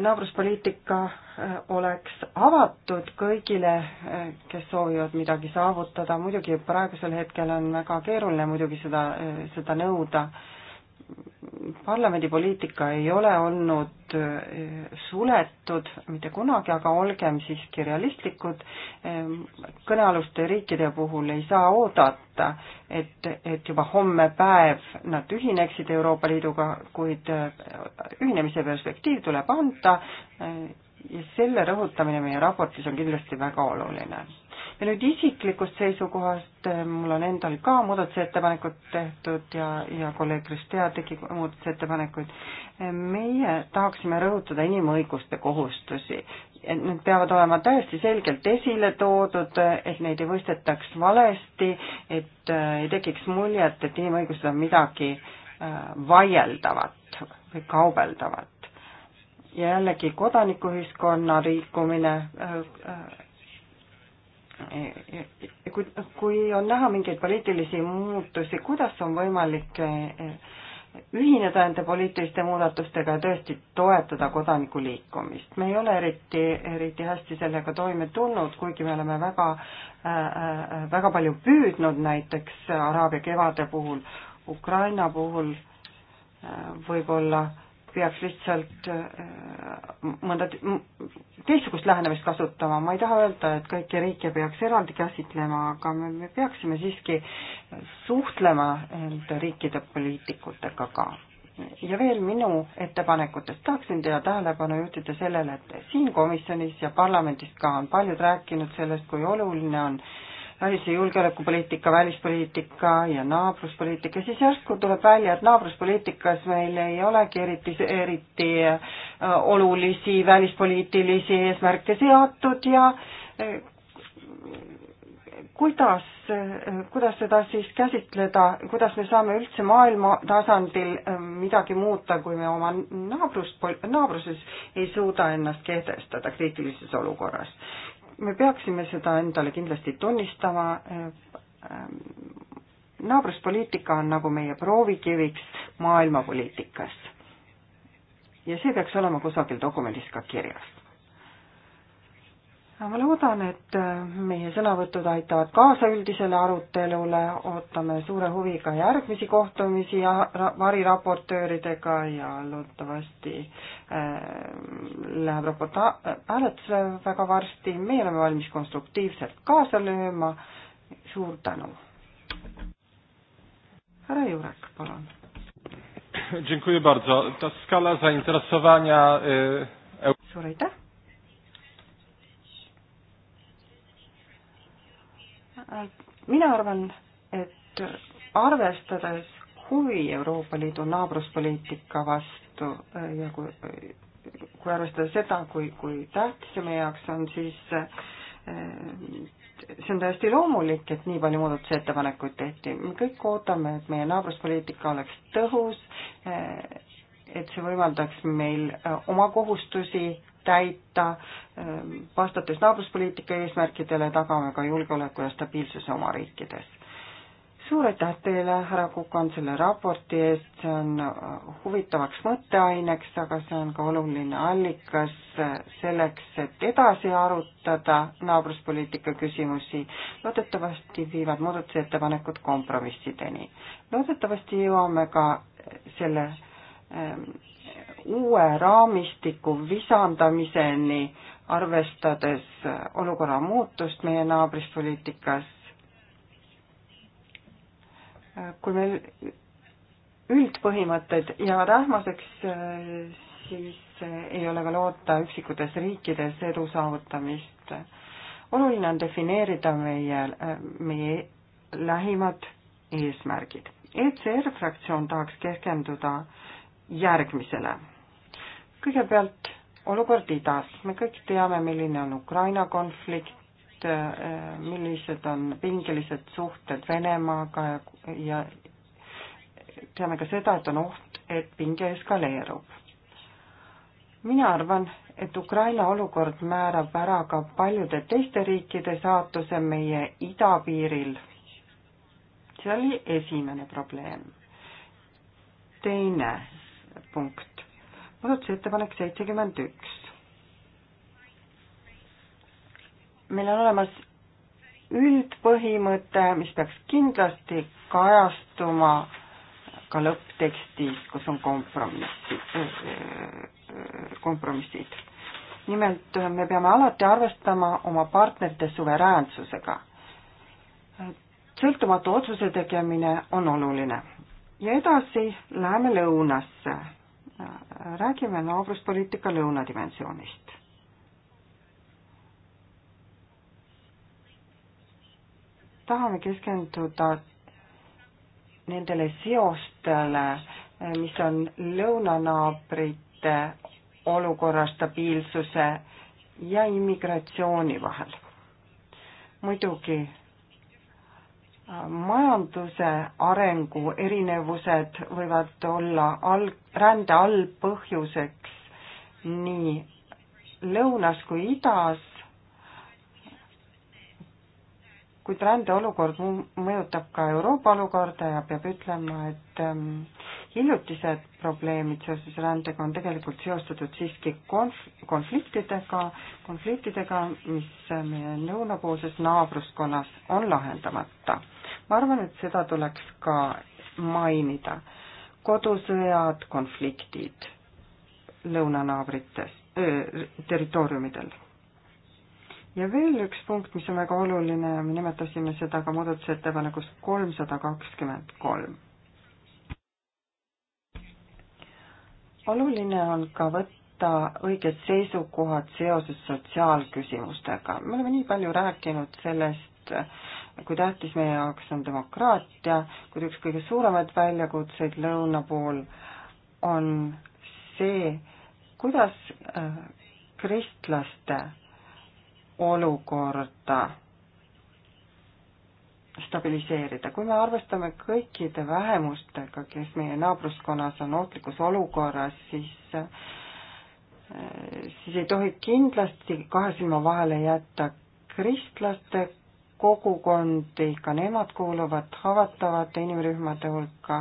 naabruspoliitika äh, oleks avatud kõigile, äh, kes soovivad midagi saavutada, muidugi praegusel hetkel on väga keeruline muidugi seda, äh, seda nõuda parlamendipoliitika ei ole olnud eh, suletud mitte kunagi, aga olgem siiski realistlikud, eh, kõnealuste riikide puhul ei saa oodata, et, et juba homme päev nad ühineksid Euroopa Liiduga, kuid eh, ühinemise perspektiiv tuleb anda ja selle rõhutamine meie raportis on kindlasti väga oluline ja nüüd isiklikust seisukohast, eh, mul on endal ka muudatusettepanekud tehtud ja, ja kolleeg Kristea tegi muudatusettepanekuid. Eh, meie tahaksime rõhutada inimõiguste kohustusi. Need peavad olema täiesti selgelt esile toodud, et neid ei mõistetaks valesti, et eh, ei tekiks muljet, et inimõigused on midagi vaieldavat või kaubeldavat ja jällegi kodanikuühiskonna liikumine kui, kui on näha mingeid poliitilisi muutusi, kuidas on võimalik eh, ühineda nende poliitiliste muudatustega ja tõesti toetada kodanikuliikumist. me ei ole eriti, eriti hästi sellega toime tulnud, kuigi me oleme väga äh,, väga palju püüdnud, näiteks Araabia kevade puhul, Ukraina puhul äh, võib-olla äh, peaks lihtsalt äh, mõnda teistsugust lähenemist kasutama, ma ei taha öelda, et kõiki riike peaks eraldi käsitlema, aga me, me peaksime siiski suhtlema nende riikide poliitikutega ka. ja veel minu ettepanekutest tahaksin teie tähelepanu juhtida sellele, et siin komisjonis ja parlamendis ka on paljud rääkinud sellest, kui oluline on äh, välis- ja julgeolekupoliitika, välispoliitika ja naabruspoliitika, siis järsku tuleb välja, et naabruspoliitikas meil ei olegi eriti, eriti äh, olulisi välispoliitilisi eesmärke seatud ja äh, kuidas, äh, kuidas seda siis käsitleda, kuidas me saame üldse maailma tasandil midagi muuta, kui me oma naabrus, naabruses ei suuda ennast kehtestada kriitilises olukorras me peaksime seda endale kindlasti tunnistama. naabruspoliitika on nagu meie proovikiviks maailmapoliitikas. ja see peaks olema kusagil dokumendis ka kirjas ma loodan, et äh, meie sõnavõtud aitavad kaasa üldisele arutelule, ootame suure huviga järgmisi kohtumisi ja variraportööridega ja loodetavasti äh, läheb raport hääletusele äh, väga varsti. meie oleme valmis konstruktiivselt kaasa lööma. suur tänu. härra Jurek, palun. suur aitäh mina arvan, et arvestades huvi Euroopa Liidu naabruspoliitika vastu äh, ja kui, kui arvestada seda, kui, kui tähtis see meie jaoks on, siis äh, see on täiesti loomulik, et nii palju muudatusettepanekuid tehti. me kõik ootame, et meie naabruspoliitika oleks tõhus, äh, et see võimaldaks meil oma kohustusi täita, ähm, vastates naabruspoliitika eesmärkidele tagame ka julgeoleku ja stabiilsuse oma riikides. suur aitäh teile, härra Kukan, selle raporti eest, see on äh, huvitavaks mõtteaineks, aga see on ka oluline allikas äh, selleks, et edasi arutada naabruspoliitika küsimusi. loodetavasti viivad muudatusettepanekud kompromissideni. loodetavasti jõuame ka äh, selle ähm, uue raamistiku visandamiseni, arvestades olukorra muutust meie naabruspoliitikas. kui meil üldpõhimõtted jäävad ähmaseks, siis ei ole ka loota üksikutes riikides edu saavutamist. oluline on defineerida meie, meie lähimad eesmärgid. ECR fraktsioon tahaks keskenduda järgmisele kõigepealt olukord idas, me kõik teame, milline on Ukraina konflikt, äh, millised on pingelised suhted Venemaaga ja, ja teame ka seda, et on oht, et pinge eskaleerub. mina arvan, et Ukraina olukord määrab ära ka paljude teiste riikide saatuse meie idapiiril. see oli esimene probleem. teine punkt muudatusettepanek seitsekümmend üks. meil on olemas üldpõhimõte, mis peaks kindlasti kajastuma ka lõpptekstis, kus on kompromissi, äh, kompromissid. nimelt äh, me peame alati arvestama oma partnerite suveräänsusega. sõltumatu otsuse tegemine on oluline. ja edasi läheme lõunasse räägime naabruspoliitika lõunadimensioonist. tahame keskenduda nendele seostele, mis on lõunanaabrite olukorra stabiilsuse ja immigratsiooni vahel. muidugi majanduse arengu erinevused võivad olla alg, rände allpõhjuseks nii lõunas kui idas, kuid rändeolukord mõjutab ka Euroopa olukorda ja peab ütlema, et ähm, hiljutised probleemid seoses rändega on tegelikult seostatud siiski konf-, konfliktidega, konfliktidega, mis äh, meie lõunapoolses naabruskonnas on lahendamata ma arvan, et seda tuleks ka mainida. kodusõjad, konfliktid lõunanaabrites, territooriumidel. ja veel üks punkt, mis on väga oluline, me nimetasime seda ka muudatusettepanekus kolmsada kakskümmend kolm. oluline on ka võtta võtta õiged seisukohad seoses sotsiaalküsimustega. me oleme nii palju rääkinud sellest, kui tähtis meie jaoks on demokraatia, kuid üks kõige suuremaid väljakutseid lõuna pool on see, kuidas äh, kristlaste olukorda stabiliseerida, kui me arvestame kõikide vähemustega, kes meie naabruskonnas on ohtlikus olukorras, siis äh, siis ei tohi kindlasti kahe silma vahele jätta kristlaste kogukondi, ka nemad kuuluvad haavatavate inimrühmade hulka.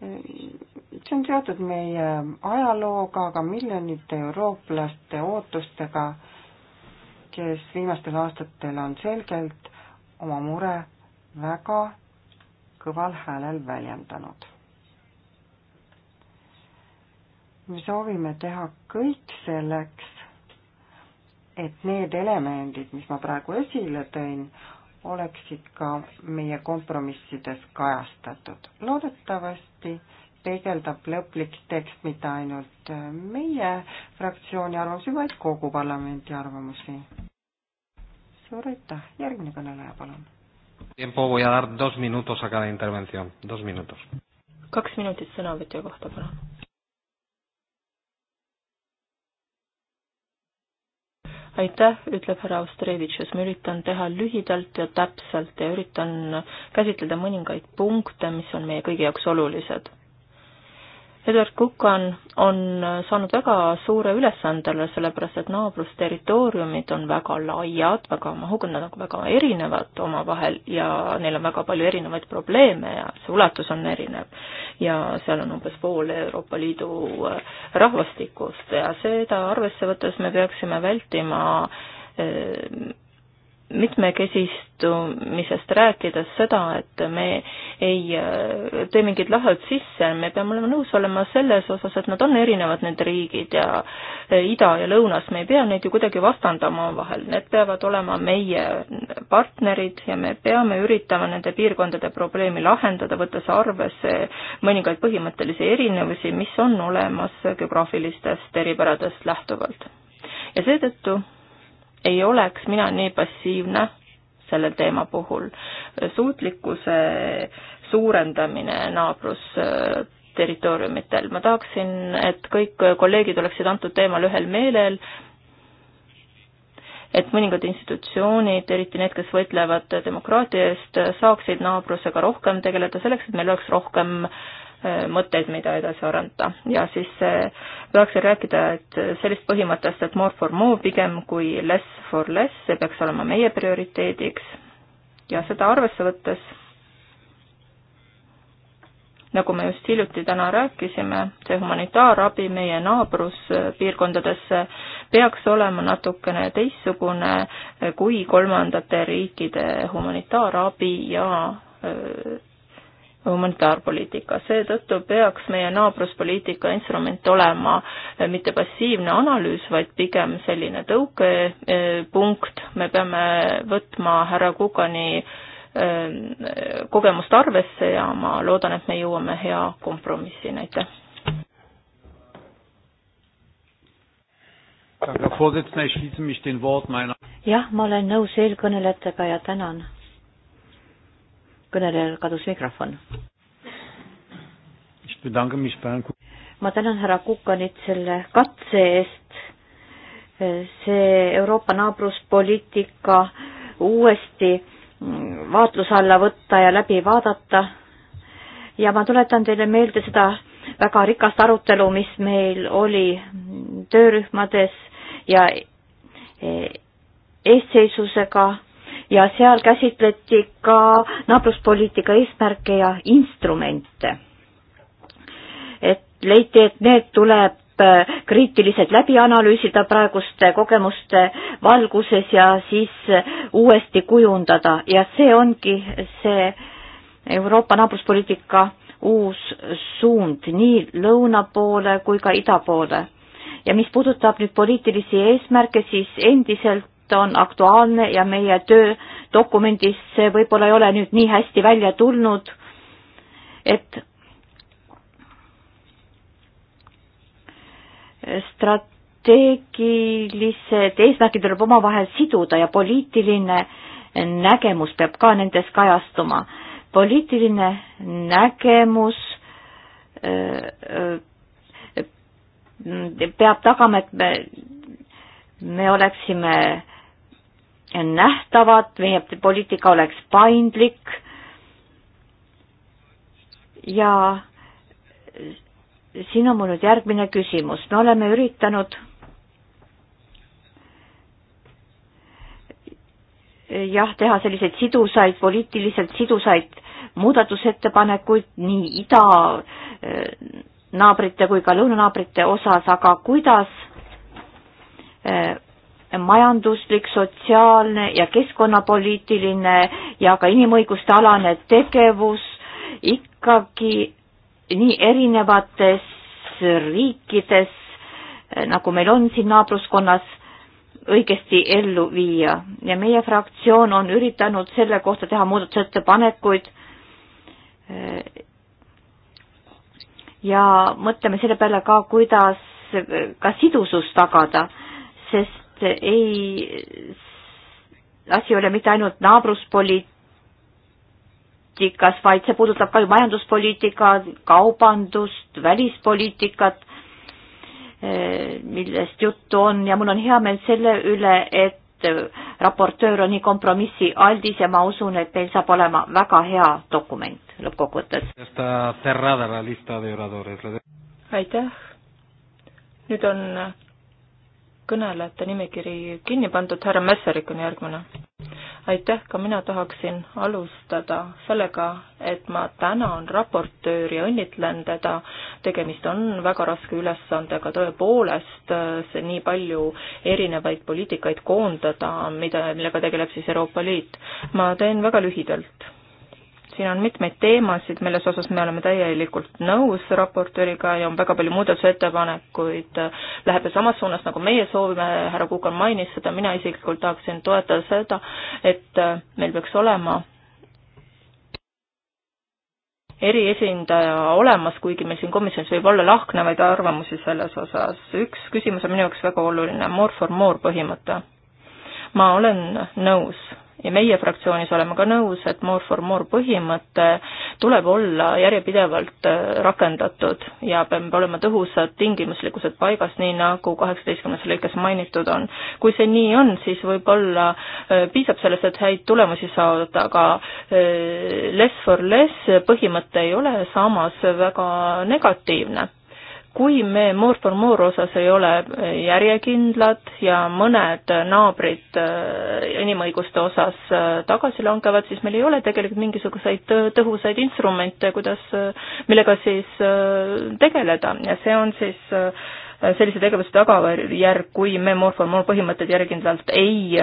see on seotud meie ajalooga, aga miljonite eurooplaste ootustega, kes viimastel aastatel on selgelt oma mure väga kõval häälel väljendanud. me soovime teha kõik selleks, et need elemendid, mis ma praegu esile tõin, oleksid ka meie kompromissides kajastatud. loodetavasti peegeldab lõplik tekst mitte ainult äh, meie fraktsiooni arvamusi, vaid kogu parlamendi arvamusi. suur aitäh, järgmine kõneleja, palun.
Tiempo voy a dar dos minutos a cada intervención, dos minutos.
kaks minutit sõnavõtja kohta, palun
aitäh, ütleb härra Austrevitšus, ma üritan teha lühidalt ja täpselt ja üritan käsitleda mõningaid punkte, mis on meie kõigi jaoks olulised. Edward Kukan on saanud väga suure ülesandele, sellepärast et naabrusterritooriumid on väga laiad, väga mahukad, nad on väga erinevad omavahel ja neil on väga palju erinevaid probleeme ja see ulatus on erinev. ja seal on umbes pool Euroopa Liidu äh, rahvastikust ja seda arvesse võttes me peaksime vältima äh, mitmekesistumisest rääkides seda, et me ei tee mingeid lahjalt sisse, me peame olema nõus olema selles osas, et nad on erinevad, need riigid ja eh, ida ja lõunas, me ei pea neid ju kuidagi vastandama omavahel, need peavad olema meie partnerid ja me peame üritama nende piirkondade probleemi lahendada, võttes arvesse mõningaid põhimõttelisi erinevusi, mis on olemas geograafilistest eripäradest lähtuvalt. ja seetõttu ei oleks mina nii passiivne selle teema puhul. suutlikkuse suurendamine naabrus territooriumitel. ma tahaksin, et kõik kolleegid oleksid antud teemal ühel meelel, et mõningad institutsioonid, eriti need, kes võitlevad demokraatia eest, saaksid naabrusega rohkem tegeleda, selleks et meil oleks rohkem mõtteid, mida edasi arendada ja siis eh, tahaksin rääkida, et sellist põhimõttest, et more for more pigem kui less for less, see peaks olema meie prioriteediks ja seda arvesse võttes, nagu me just hiljuti täna rääkisime, see humanitaarabi meie naabruspiirkondadesse peaks olema natukene teistsugune eh, kui kolmandate riikide humanitaarabi ja eh, humanitaarpoliitika. seetõttu peaks meie naabruspoliitika instrument olema eh, mitte passiivne analüüs, vaid pigem selline tõukepunkt, eh, me peame võtma härra Kukani eh, kogemust arvesse ja ma loodan, et me jõuame hea kompromissini, aitäh.
jah, ma olen nõus eelkõnelejatega ja tänan kõnelejal kadus mikrofon. ma tänan härra Kukanit selle katse eest, see Euroopa naabruspoliitika uuesti vaatluse alla võtta ja läbi vaadata. ja ma tuletan teile meelde seda väga rikast arutelu, mis meil oli töörühmades ja eesseisusega ja seal käsitleti ka naabruspoliitika eesmärke ja instrumente. et leiti, et need tuleb äh, kriitiliselt läbi analüüsida praeguste kogemuste valguses ja siis äh, uuesti kujundada ja see ongi see Euroopa naabruspoliitika uus suund nii lõuna poole kui ka ida poole. ja mis puudutab nüüd poliitilisi eesmärke, siis endiselt ta on aktuaalne ja meie töödokumendis see võib-olla ei ole nüüd nii hästi välja tulnud, et strateegilised eesmärgid tuleb omavahel siduda ja poliitiline nägemus peab ka nendes kajastuma. poliitiline nägemus öö, äh, öö, äh, peab tagama, et me, me oleksime nähtavad, meie poliitika oleks paindlik ja siin on mul nüüd järgmine küsimus, me oleme üritanud jah, teha selliseid sidusaid, poliitiliselt sidusaid muudatusettepanekuid nii idanaabrite eh, kui ka lõunanaabrite osas, aga kuidas eh, majanduslik, sotsiaalne ja keskkonnapoliitiline ja ka inimõiguste alane tegevus ikkagi nii erinevates riikides, nagu meil on siin naabruskonnas, õigesti ellu viia ja meie fraktsioon on üritanud selle kohta teha muudatusettepanekuid ja mõtleme selle peale ka, kuidas ka sidusus tagada, sest ei, asi ei ole mitte ainult naabruspoliitikas, vaid see puudutab ka ju majanduspoliitikat, kaubandust, välispoliitikat, eh, millest juttu on ja mul on hea meel selle üle, et raportöör on nii kompromissialdis ja ma usun, et meil saab olema väga
hea dokument lõppkokkuvõttes. aitäh. nüüd on kõnelejate nimekiri kinni pandud, härra Messerik on järgmine. aitäh, ka mina tahaksin alustada sellega, et ma tänan raportööri ja õnnitlen teda, tegemist on väga raske ülesandega tõepoolest, see nii palju erinevaid poliitikaid koondada, mida, millega tegeleb siis Euroopa Liit. ma teen väga lühidalt siin on mitmeid teemasid, milles osas me oleme täielikult nõus raportööriga ja on väga palju muudatusettepanekuid, läheb ju samas suunas, nagu meie soovime, härra Kukan mainis seda, mina isiklikult tahaksin toetada seda, et meil peaks olema eriesindaja olemas, kuigi meil siin komisjonis võib olla lahknevaid arvamusi selles osas. üks küsimus on minu jaoks väga oluline, more for more põhimõte. ma olen nõus ja meie fraktsioonis oleme ka nõus, et more for more põhimõte tuleb olla järjepidevalt äh, rakendatud ja peame olema tõhusad tingimuslikkused paigas, nii nagu kaheksateistkümnes lõikes mainitud on. kui see nii on, siis võib-olla äh, piisab sellest, et häid tulemusi saada, aga äh, less for less põhimõte ei ole samas väga negatiivne kui me More for More osas ei ole järjekindlad ja mõned naabrid äh, inimõiguste osas äh, tagasi langevad, siis meil ei ole tegelikult mingisuguseid tõhusaid instrumente, kuidas, äh, millega siis tegeleda ja see on siis sellise tegevuse tagajärg, kui me More for More põhimõtteid järjekindlalt ei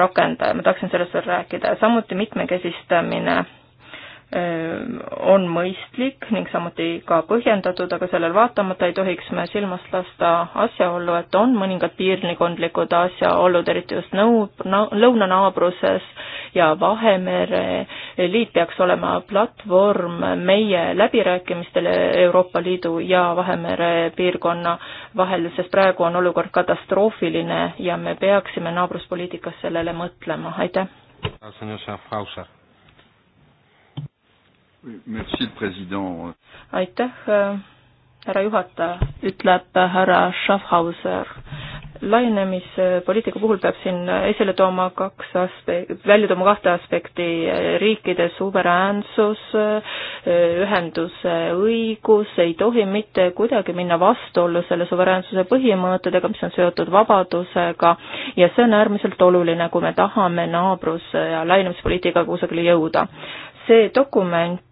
rakenda ja ma tahaksin sellest veel rääkida, samuti mitmekesistamine on mõistlik ning samuti ka põhjendatud, aga sellel vaatamata ei tohiks me silmast lasta asjaolu, et on mõningad piirkondlikud asjaolud, eriti just nõu-, lõunanaabruses ja Vahemere liit peaks olema platvorm meie läbirääkimistele Euroopa Liidu ja Vahemere piirkonna vahel, sest praegu on olukord katastroofiline ja me peaksime naabruspoliitikas sellele mõtlema, aitäh! aitäh, härra juhataja, ütleb härra Schaffhauser. laienemispoliitika puhul peab siin esile tooma kaks aspek-, välja tooma kahte aspekti, riikide suveräänsus, ühenduse õigus ei tohi mitte kuidagi minna vastuollu selle suveräänsuse põhimõtetega, mis on seotud vabadusega, ja see on äärmiselt oluline, kui me tahame naabrus- ja laienemispoliitikaga kusagile jõuda see dokument,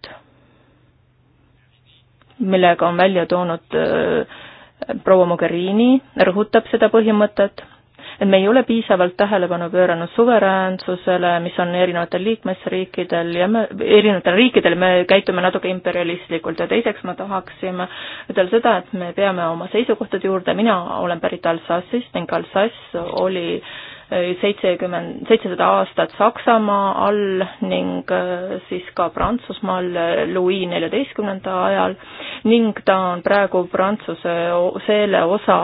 millega on välja toonud äh, proua Mogherini, rõhutab seda põhimõtet, et me ei ole piisavalt tähelepanu pööranud suveräänsusele, mis on erinevatel liikmesriikidel ja me, erinevatel riikidel me käitume natuke imperialistlikult ja teiseks ma tahaksin ütelda seda, et me peame oma seisukohtade juurde, mina olen pärit Alsace'ist ning Alsace oli äh, seitsekümmend, seitsesada aastat Saksamaa all ning äh, siis ka Prantsusmaal Louis neljateistkümnenda ajal ning ta on praegu Prantsuse selle osa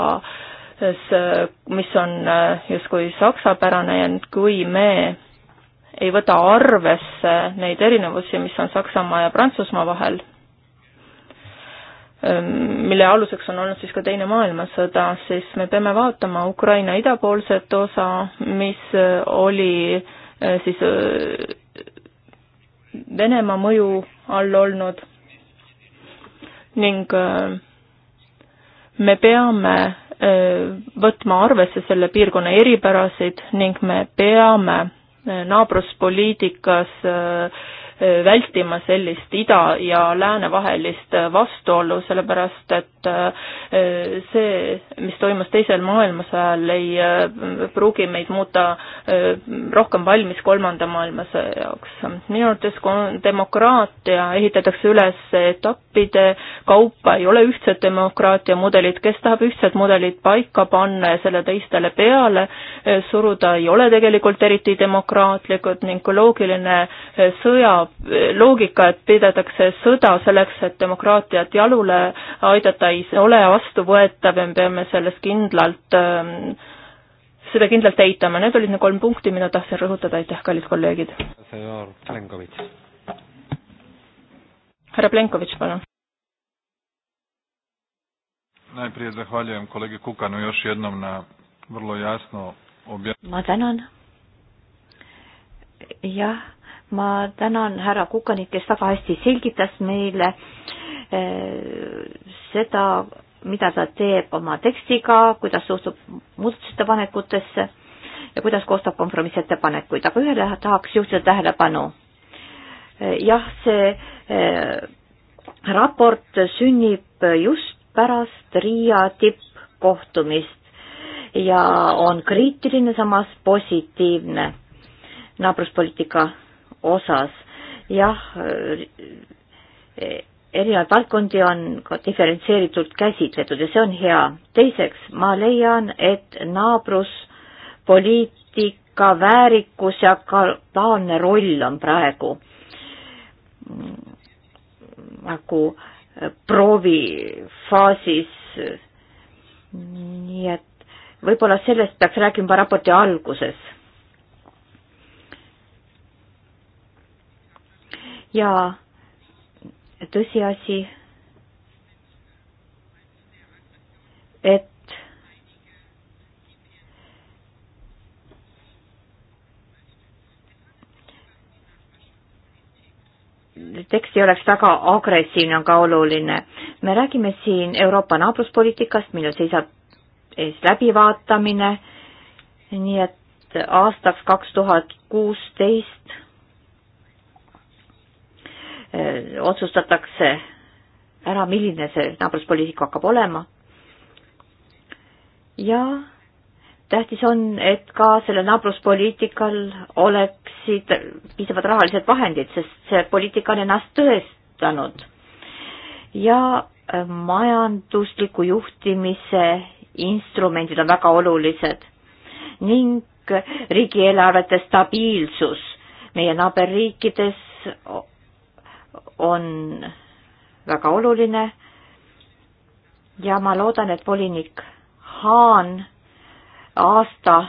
mis on äh, justkui saksapärane ja kui me ei võta arvesse neid erinevusi, mis on Saksamaa ja Prantsusmaa vahel, Ehm, mille aluseks on olnud siis ka Teine maailmasõda, siis me peame vaatama Ukraina idapoolset osa, mis eh, oli eh, siis eh, Venemaa mõju all olnud ning me peame võtma arvesse selle piirkonna eripärasid ning me peame naabruspoliitikas äh, Äh, vältima sellist ida ja lääne vahelist äh, vastuolu, sellepärast et äh, see, mis toimus teisel maailmasõjal, ei pruugi meid muuta rohkem valmis kolmanda maailmasõja jaoks. minu arvates demokraatia ehitatakse üles etappide kaupa, ei ole ühtset demokraatia mudelit, kes tahab ühtset mudelit paika panna ja selle teistele peale suruda, ei ole tegelikult eriti demokraatlikud ning kui loogiline sõja loogika, et pidetakse sõda selleks, et demokraatiat jalule aidata, ei ole vastuvõetav ja me peame selles kindlalt, ähm, seda kindlalt eitama. Need olid need kolm punkti, mida tahtsin rõhutada, aitäh, kallid kolleegid. härra Plenkovitš, palun.
Najprije zahvaljujem kolegi Kukanu još jednom na vrlo jasno obja-. ma
tänan. jah ma tänan härra Kukanit, kes väga hästi selgitas meile eh, seda, mida ta teeb oma tekstiga, kuidas suhtub muudatusettepanekutesse ja kuidas koostab kompromissettepanekuid, aga ühele tahaks juhtida tähelepanu. Eh, jah, see eh, raport sünnib just pärast Riia tippkohtumist ja on kriitiline, samas positiivne naabruspoliitika osas. jah, erinevaid valdkondi on ka diferentseeritult käsitletud ja see on hea. teiseks, ma leian, et naabruspoliitika väärikus ja ka taoline roll on praegu nagu proovifaasis. nii et võib-olla sellest peaks rääkima raporti alguses ja tõsiasi, et tekst ei oleks väga agressiivne, on ka oluline. me räägime siin Euroopa naabruspoliitikast, millel seisab ees läbivaatamine, nii et aastaks kaks tuhat kuusteist Äh, otsustatakse ära, milline see naabruspoliitika hakkab olema. ja tähtis on, et ka sellel naabruspoliitikal oleksid piisavad rahalised vahendid, sest see poliitika on ennast tõestanud. ja äh, majandusliku juhtimise instrumendid on väga olulised ning riigieelarvete stabiilsus meie naaberriikides on väga oluline ja ma loodan, et volinik Haan aasta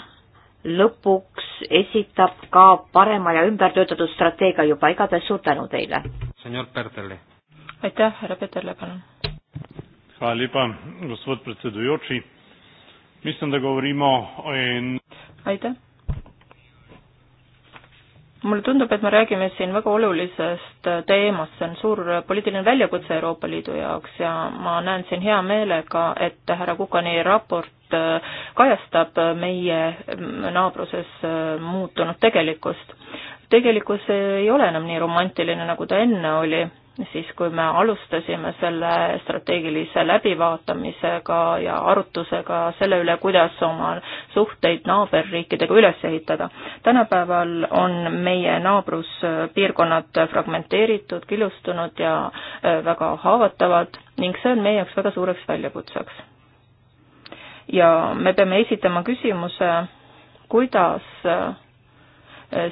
lõpuks esitab ka parema ja ümbertöötatud strateegia juba, igatahes suur tänu teile!
senor Peterle.
aitäh, härra Peterle, palun!
Hvala lepa, gospod predsedujoči. Mislim, da govorimo o en... Aitäh
mulle tundub, et me räägime siin väga olulisest teemast, see on suur poliitiline väljakutse Euroopa Liidu jaoks ja ma näen siin hea meelega, et härra Kukani raport äh, kajastab meie mm, naabruses äh, muutunud tegelikkust. tegelikkus ei ole enam nii romantiline, nagu ta enne oli siis, kui me alustasime selle strateegilise läbivaatamisega ja arutusega selle üle, kuidas oma suhteid naaberriikidega üles ehitada. tänapäeval on meie naabruspiirkonnad fragmenteeritud, killustunud ja äh, väga haavatavad ning see on meie jaoks väga suureks väljakutseks. ja me peame esitama küsimuse, kuidas äh,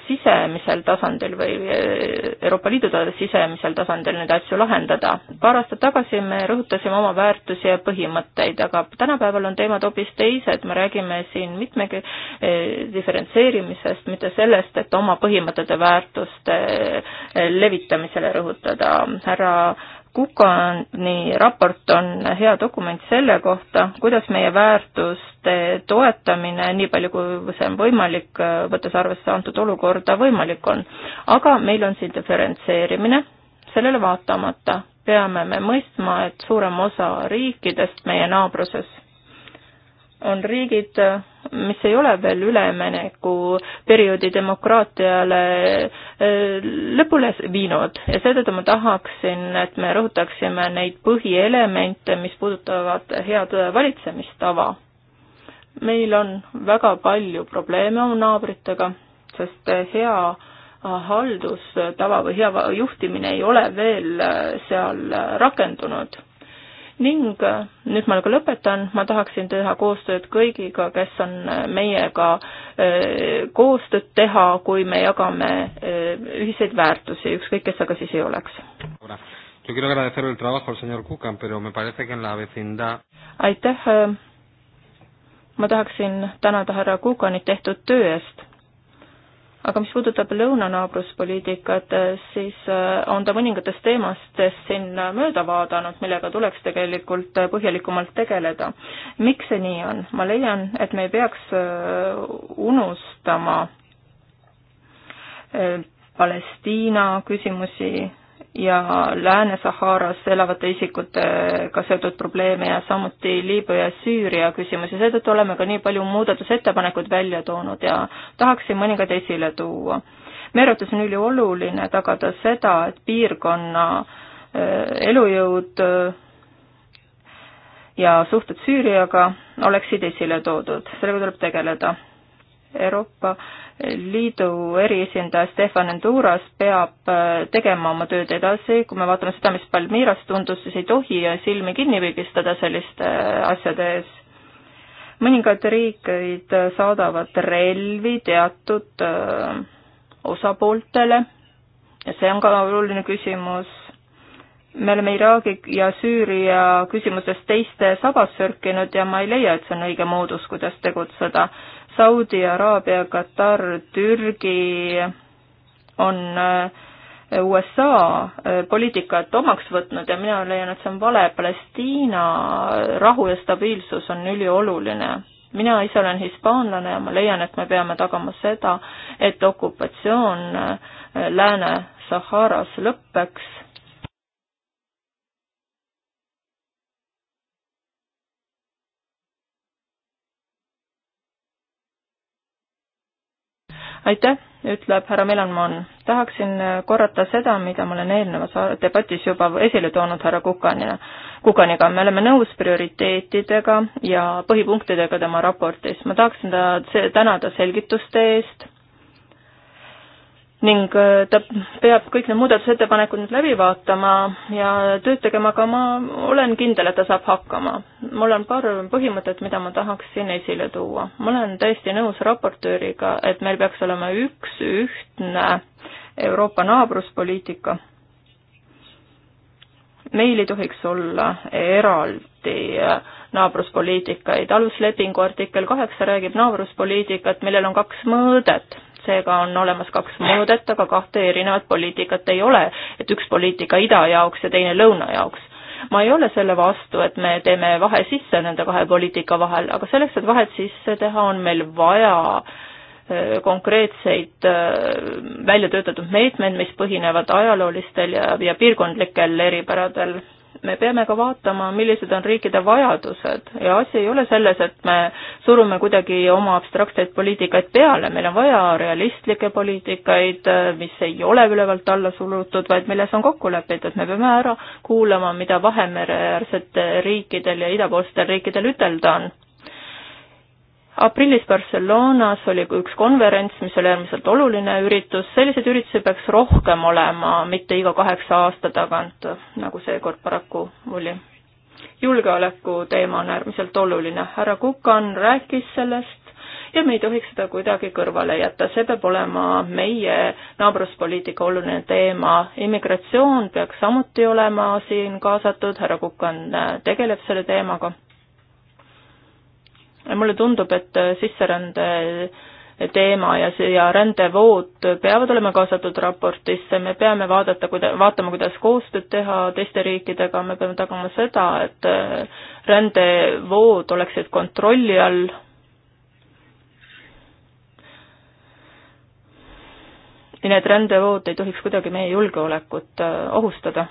sisemisel tasandil või äh, Euroopa Liidu sisemisel tasandil neid asju lahendada. paar aastat tagasi me rõhutasime oma väärtusi ja põhimõtteid, aga tänapäeval on teemad hoopis teised, me räägime siin mitmegi äh, diferentseerimisest, mitte sellest, et oma põhimõtete väärtuste äh, levitamisele rõhutada. härra Kukani raport on hea dokument selle kohta, kuidas meie väärtuste toetamine, nii palju kui see on võimalik, võttes arvesse antud olukorda, võimalik on. aga meil on siin diferentseerimine, sellele vaatamata peame me mõistma, et suurem osa riikidest meie naabruses on riigid, mis ei ole veel üleminekuperioodi demokraatiale äh, lõpule viinud ja seetõttu ma tahaksin, et me rõhutaksime neid põhielemente, mis puudutavad head valitsemistava. meil on väga palju probleeme oma naabritega, sest hea haldustava või hea juhtimine ei ole veel seal rakendunud ning äh, nüüd ma ka nagu lõpetan, ma tahaksin teha koostööd kõigiga, kes on äh, meiega äh, koostööd teha, kui me jagame ühiseid väärtusi, ükskõik kes aga siis ei
oleks. Yo quiero agradecer el trabajo al señor Kukan, pero me parece que en la vecindad.
aitäh, ma tahaksin tänada härra Kukanit tehtud töö eest aga mis puudutab lõunanaabruspoliitikat, siis äh, on ta mõningatest teemastest siin mööda vaadanud, millega tuleks tegelikult põhjalikumalt tegeleda. miks see nii on? ma leian, et me ei peaks äh, unustama äh, Palestiina küsimusi, ja Lääne-Saharas elavate isikutega seotud probleeme ja samuti Liibüa ja Süüria küsimusi, seetõttu oleme ka nii palju muudatusettepanekuid välja toonud ja tahaksin mõningad esile tuua. meie arvates on ülioluline tagada seda, et piirkonna eh, elujõud eh, ja suhted Süüriaga oleksid esile toodud, sellega tuleb tegeleda. Euroopa äh, liidu eriesindaja Stefan Enduras peab äh, tegema oma tööd edasi, kui me vaatame seda, mis Palmiras tundus, siis ei tohi silmi kinni pigistada selliste äh, asjade ees. mõningad riigid äh, saadavad relvi teatud osapooltele ja see on ka oluline küsimus. me oleme Iraagi ja Süüria küsimuses teiste sabas sörkinud ja ma ei leia, et see on õige moodus, kuidas tegutseda Saudi Araabia, Katar, Türgi on äh, USA äh, poliitikat omaks võtnud ja mina leian, et see on vale. Palestiina rahu ja stabiilsus on ülioluline. mina ise olen hispaanlane ja ma leian, et me peame tagama seda, et okupatsioon äh, Lääne-Saharas lõpeks aitäh, ütleb härra Melanmon. tahaksin korrata seda, mida ma olen eelnevas debatis juba esile toonud härra Kukanina, Kukaniga. me oleme nõus prioriteetidega ja põhipunktidega tema raportis. ma tahaksin ta tänada selgituste eest ning äh, ta peab kõik need muudatusettepanekud nüüd läbi vaatama ja tööd tegema, aga ma olen kindel, et ta saab hakkama. mul on paar põhimõtet, mida ma tahaksin esile tuua. ma olen täiesti nõus raportööriga, et meil peaks olema üks ühtne Euroopa naabruspoliitika. meil ei tohiks olla eraldi naabruspoliitikaid, aluslepingu artikkel kaheksa räägib naabruspoliitikat, millel on kaks mõõdet seega on olemas kaks mõõdet, aga kahte erinevat poliitikat ei ole, et üks poliitika ida jaoks ja teine lõuna jaoks ma ei ole selle vastu, et me teeme vahe sisse nende kahe poliitika vahel, aga selleks, et vahet sisse teha, on meil vaja äh, konkreetseid äh, välja töötatud meetmeid, mis põhinevad ajaloolistel ja, ja piirkondlikel eripäradel me peame ka vaatama, millised on riikide vajadused ja asi ei ole selles, et me surume kuidagi oma abstraktseid poliitikaid peale, meil on vaja realistlikke poliitikaid, mis ei ole ülevalt alla surutud, vaid milles on kokku lepitud, me peame ära kuulama, mida Vahemereäärsete riikidel ja idapoolsetel riikidel ütelda on aprillis Barcelonas oli üks konverents, mis oli äärmiselt oluline üritus, selliseid üritusi peaks rohkem olema, mitte iga kaheksa aasta tagant, nagu seekord paraku oli. julgeoleku teema on äärmiselt oluline, härra Kukan rääkis sellest ja me ei tohiks seda kuidagi kõrvale jätta, see peab olema meie naabruspoliitika oluline teema, immigratsioon peaks samuti olema siin kaasatud, härra Kukan tegeleb selle teemaga mulle tundub, et äh, sisserände äh, teema ja see ja rändevood peavad olema kaasatud raportisse, me peame vaadata, kuida-, vaatama, kuidas koostööd teha teiste riikidega, me peame tagama seda, et äh, rändevood oleksid kontrolli all. nii et rändevood ei tohiks kuidagi meie julgeolekut ohustada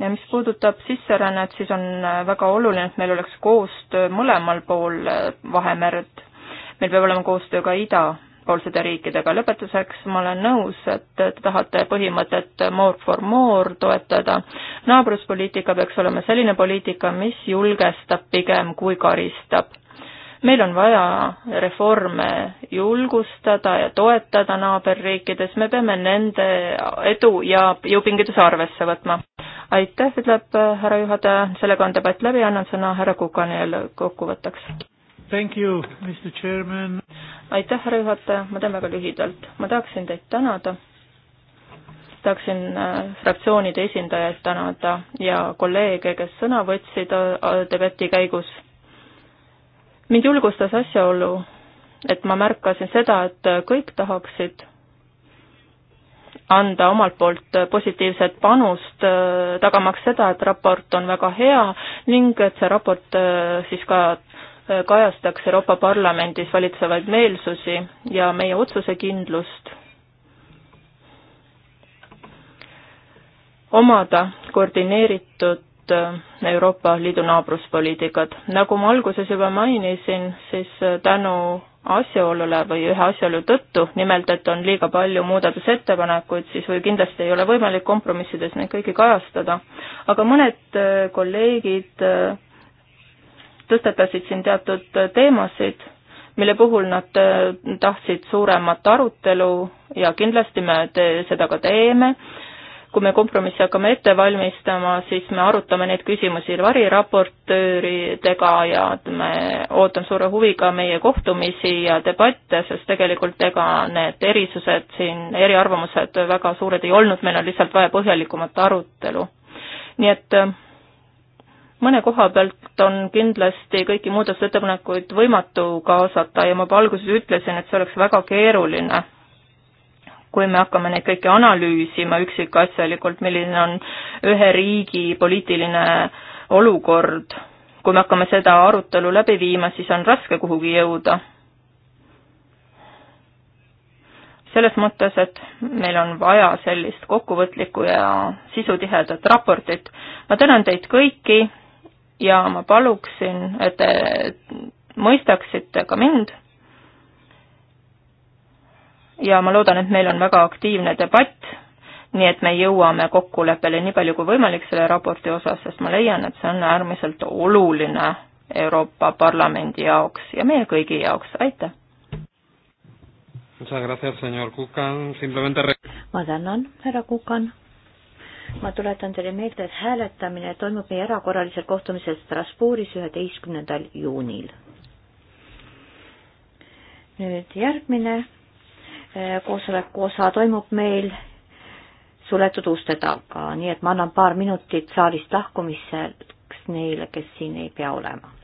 ja mis puudutab sisserännet, siis on äh, väga oluline, et meil oleks koostöö mõlemal pool äh, Vahemerd. meil peab olema koostöö ka idapoolsete riikidega. lõpetuseks ma olen nõus, et äh, te tahate põhimõtet more for more toetada. naabruspoliitika peaks olema selline poliitika, mis julgestab pigem kui karistab meil on vaja reforme julgustada ja toetada naaberriikides, me peame nende edu ja jõupingutusi arvesse võtma. aitäh, ütleb härra juhataja, sellega on debatt läbi, annan sõna härra Kukanile kokkuvõtteks. Thank you, Mr Chairman. aitäh, härra juhataja, ma teen väga lühidalt, ma tahaksin teid tänada, tahaksin äh, fraktsioonide esindajaid tänada ja kolleege, kes sõna võtsid äh, debati käigus mind julgustas asjaolu, et ma märkasin seda, et kõik tahaksid anda omalt poolt positiivset panust, tagamaks seda, et raport on väga hea ning et see raport äh, siis ka äh, kajastaks Euroopa Parlamendis valitsevaid meelsusi ja meie otsusekindlust omada koordineeritud uut äh, Euroopa Liidu naabruspoliitikat. nagu ma alguses juba mainisin, siis äh, tänu asjaolule või ühe asjaolu tõttu, nimelt et on liiga palju muudatusettepanekuid, siis või kindlasti ei ole võimalik kompromissides neid kõiki kajastada. aga mõned äh, kolleegid tõstatasid siin teatud teemasid, mille puhul nad tahtsid suuremat arutelu ja kindlasti me te, seda ka teeme kui me kompromissi hakkame ette valmistama, siis me arutame neid küsimusi variraportööridega ja me ootame suure huviga meie kohtumisi ja debatte, sest tegelikult ega need erisused siin, eriarvamused väga suured ei olnud, meil on lihtsalt vaja põhjalikumat arutelu. nii et äh, mõne koha pealt on kindlasti kõiki muudatusettepanekuid võimatu kaasata ja ma juba alguses ütlesin, et see oleks väga keeruline kui me hakkame neid kõiki analüüsima üksikasjalikult, milline on ühe riigi poliitiline olukord, kui me hakkame seda arutelu läbi viima, siis on raske kuhugi jõuda. selles mõttes, et meil on vaja sellist kokkuvõtlikku ja sisutihedat raportit. ma tänan teid kõiki ja ma paluksin, et te mõistaksite ka mind ja ma loodan, et meil on väga aktiivne debatt, nii et me jõuame kokkuleppele nii palju kui võimalik selle raporti osas, sest ma leian, et see on äärmiselt oluline Euroopa Parlamendi jaoks ja meie kõigi jaoks, aitäh! ma tänan, härra Kukan. ma
tuletan teile meelde, et hääletamine toimub meie erakorralisel kohtumisel Strasbourgis üheteistkümnendal juunil. nüüd järgmine koosoleku osa toimub meil suletud uste taga, nii et ma annan paar minutit saalist lahkumiseks neile, kes siin ei pea olema.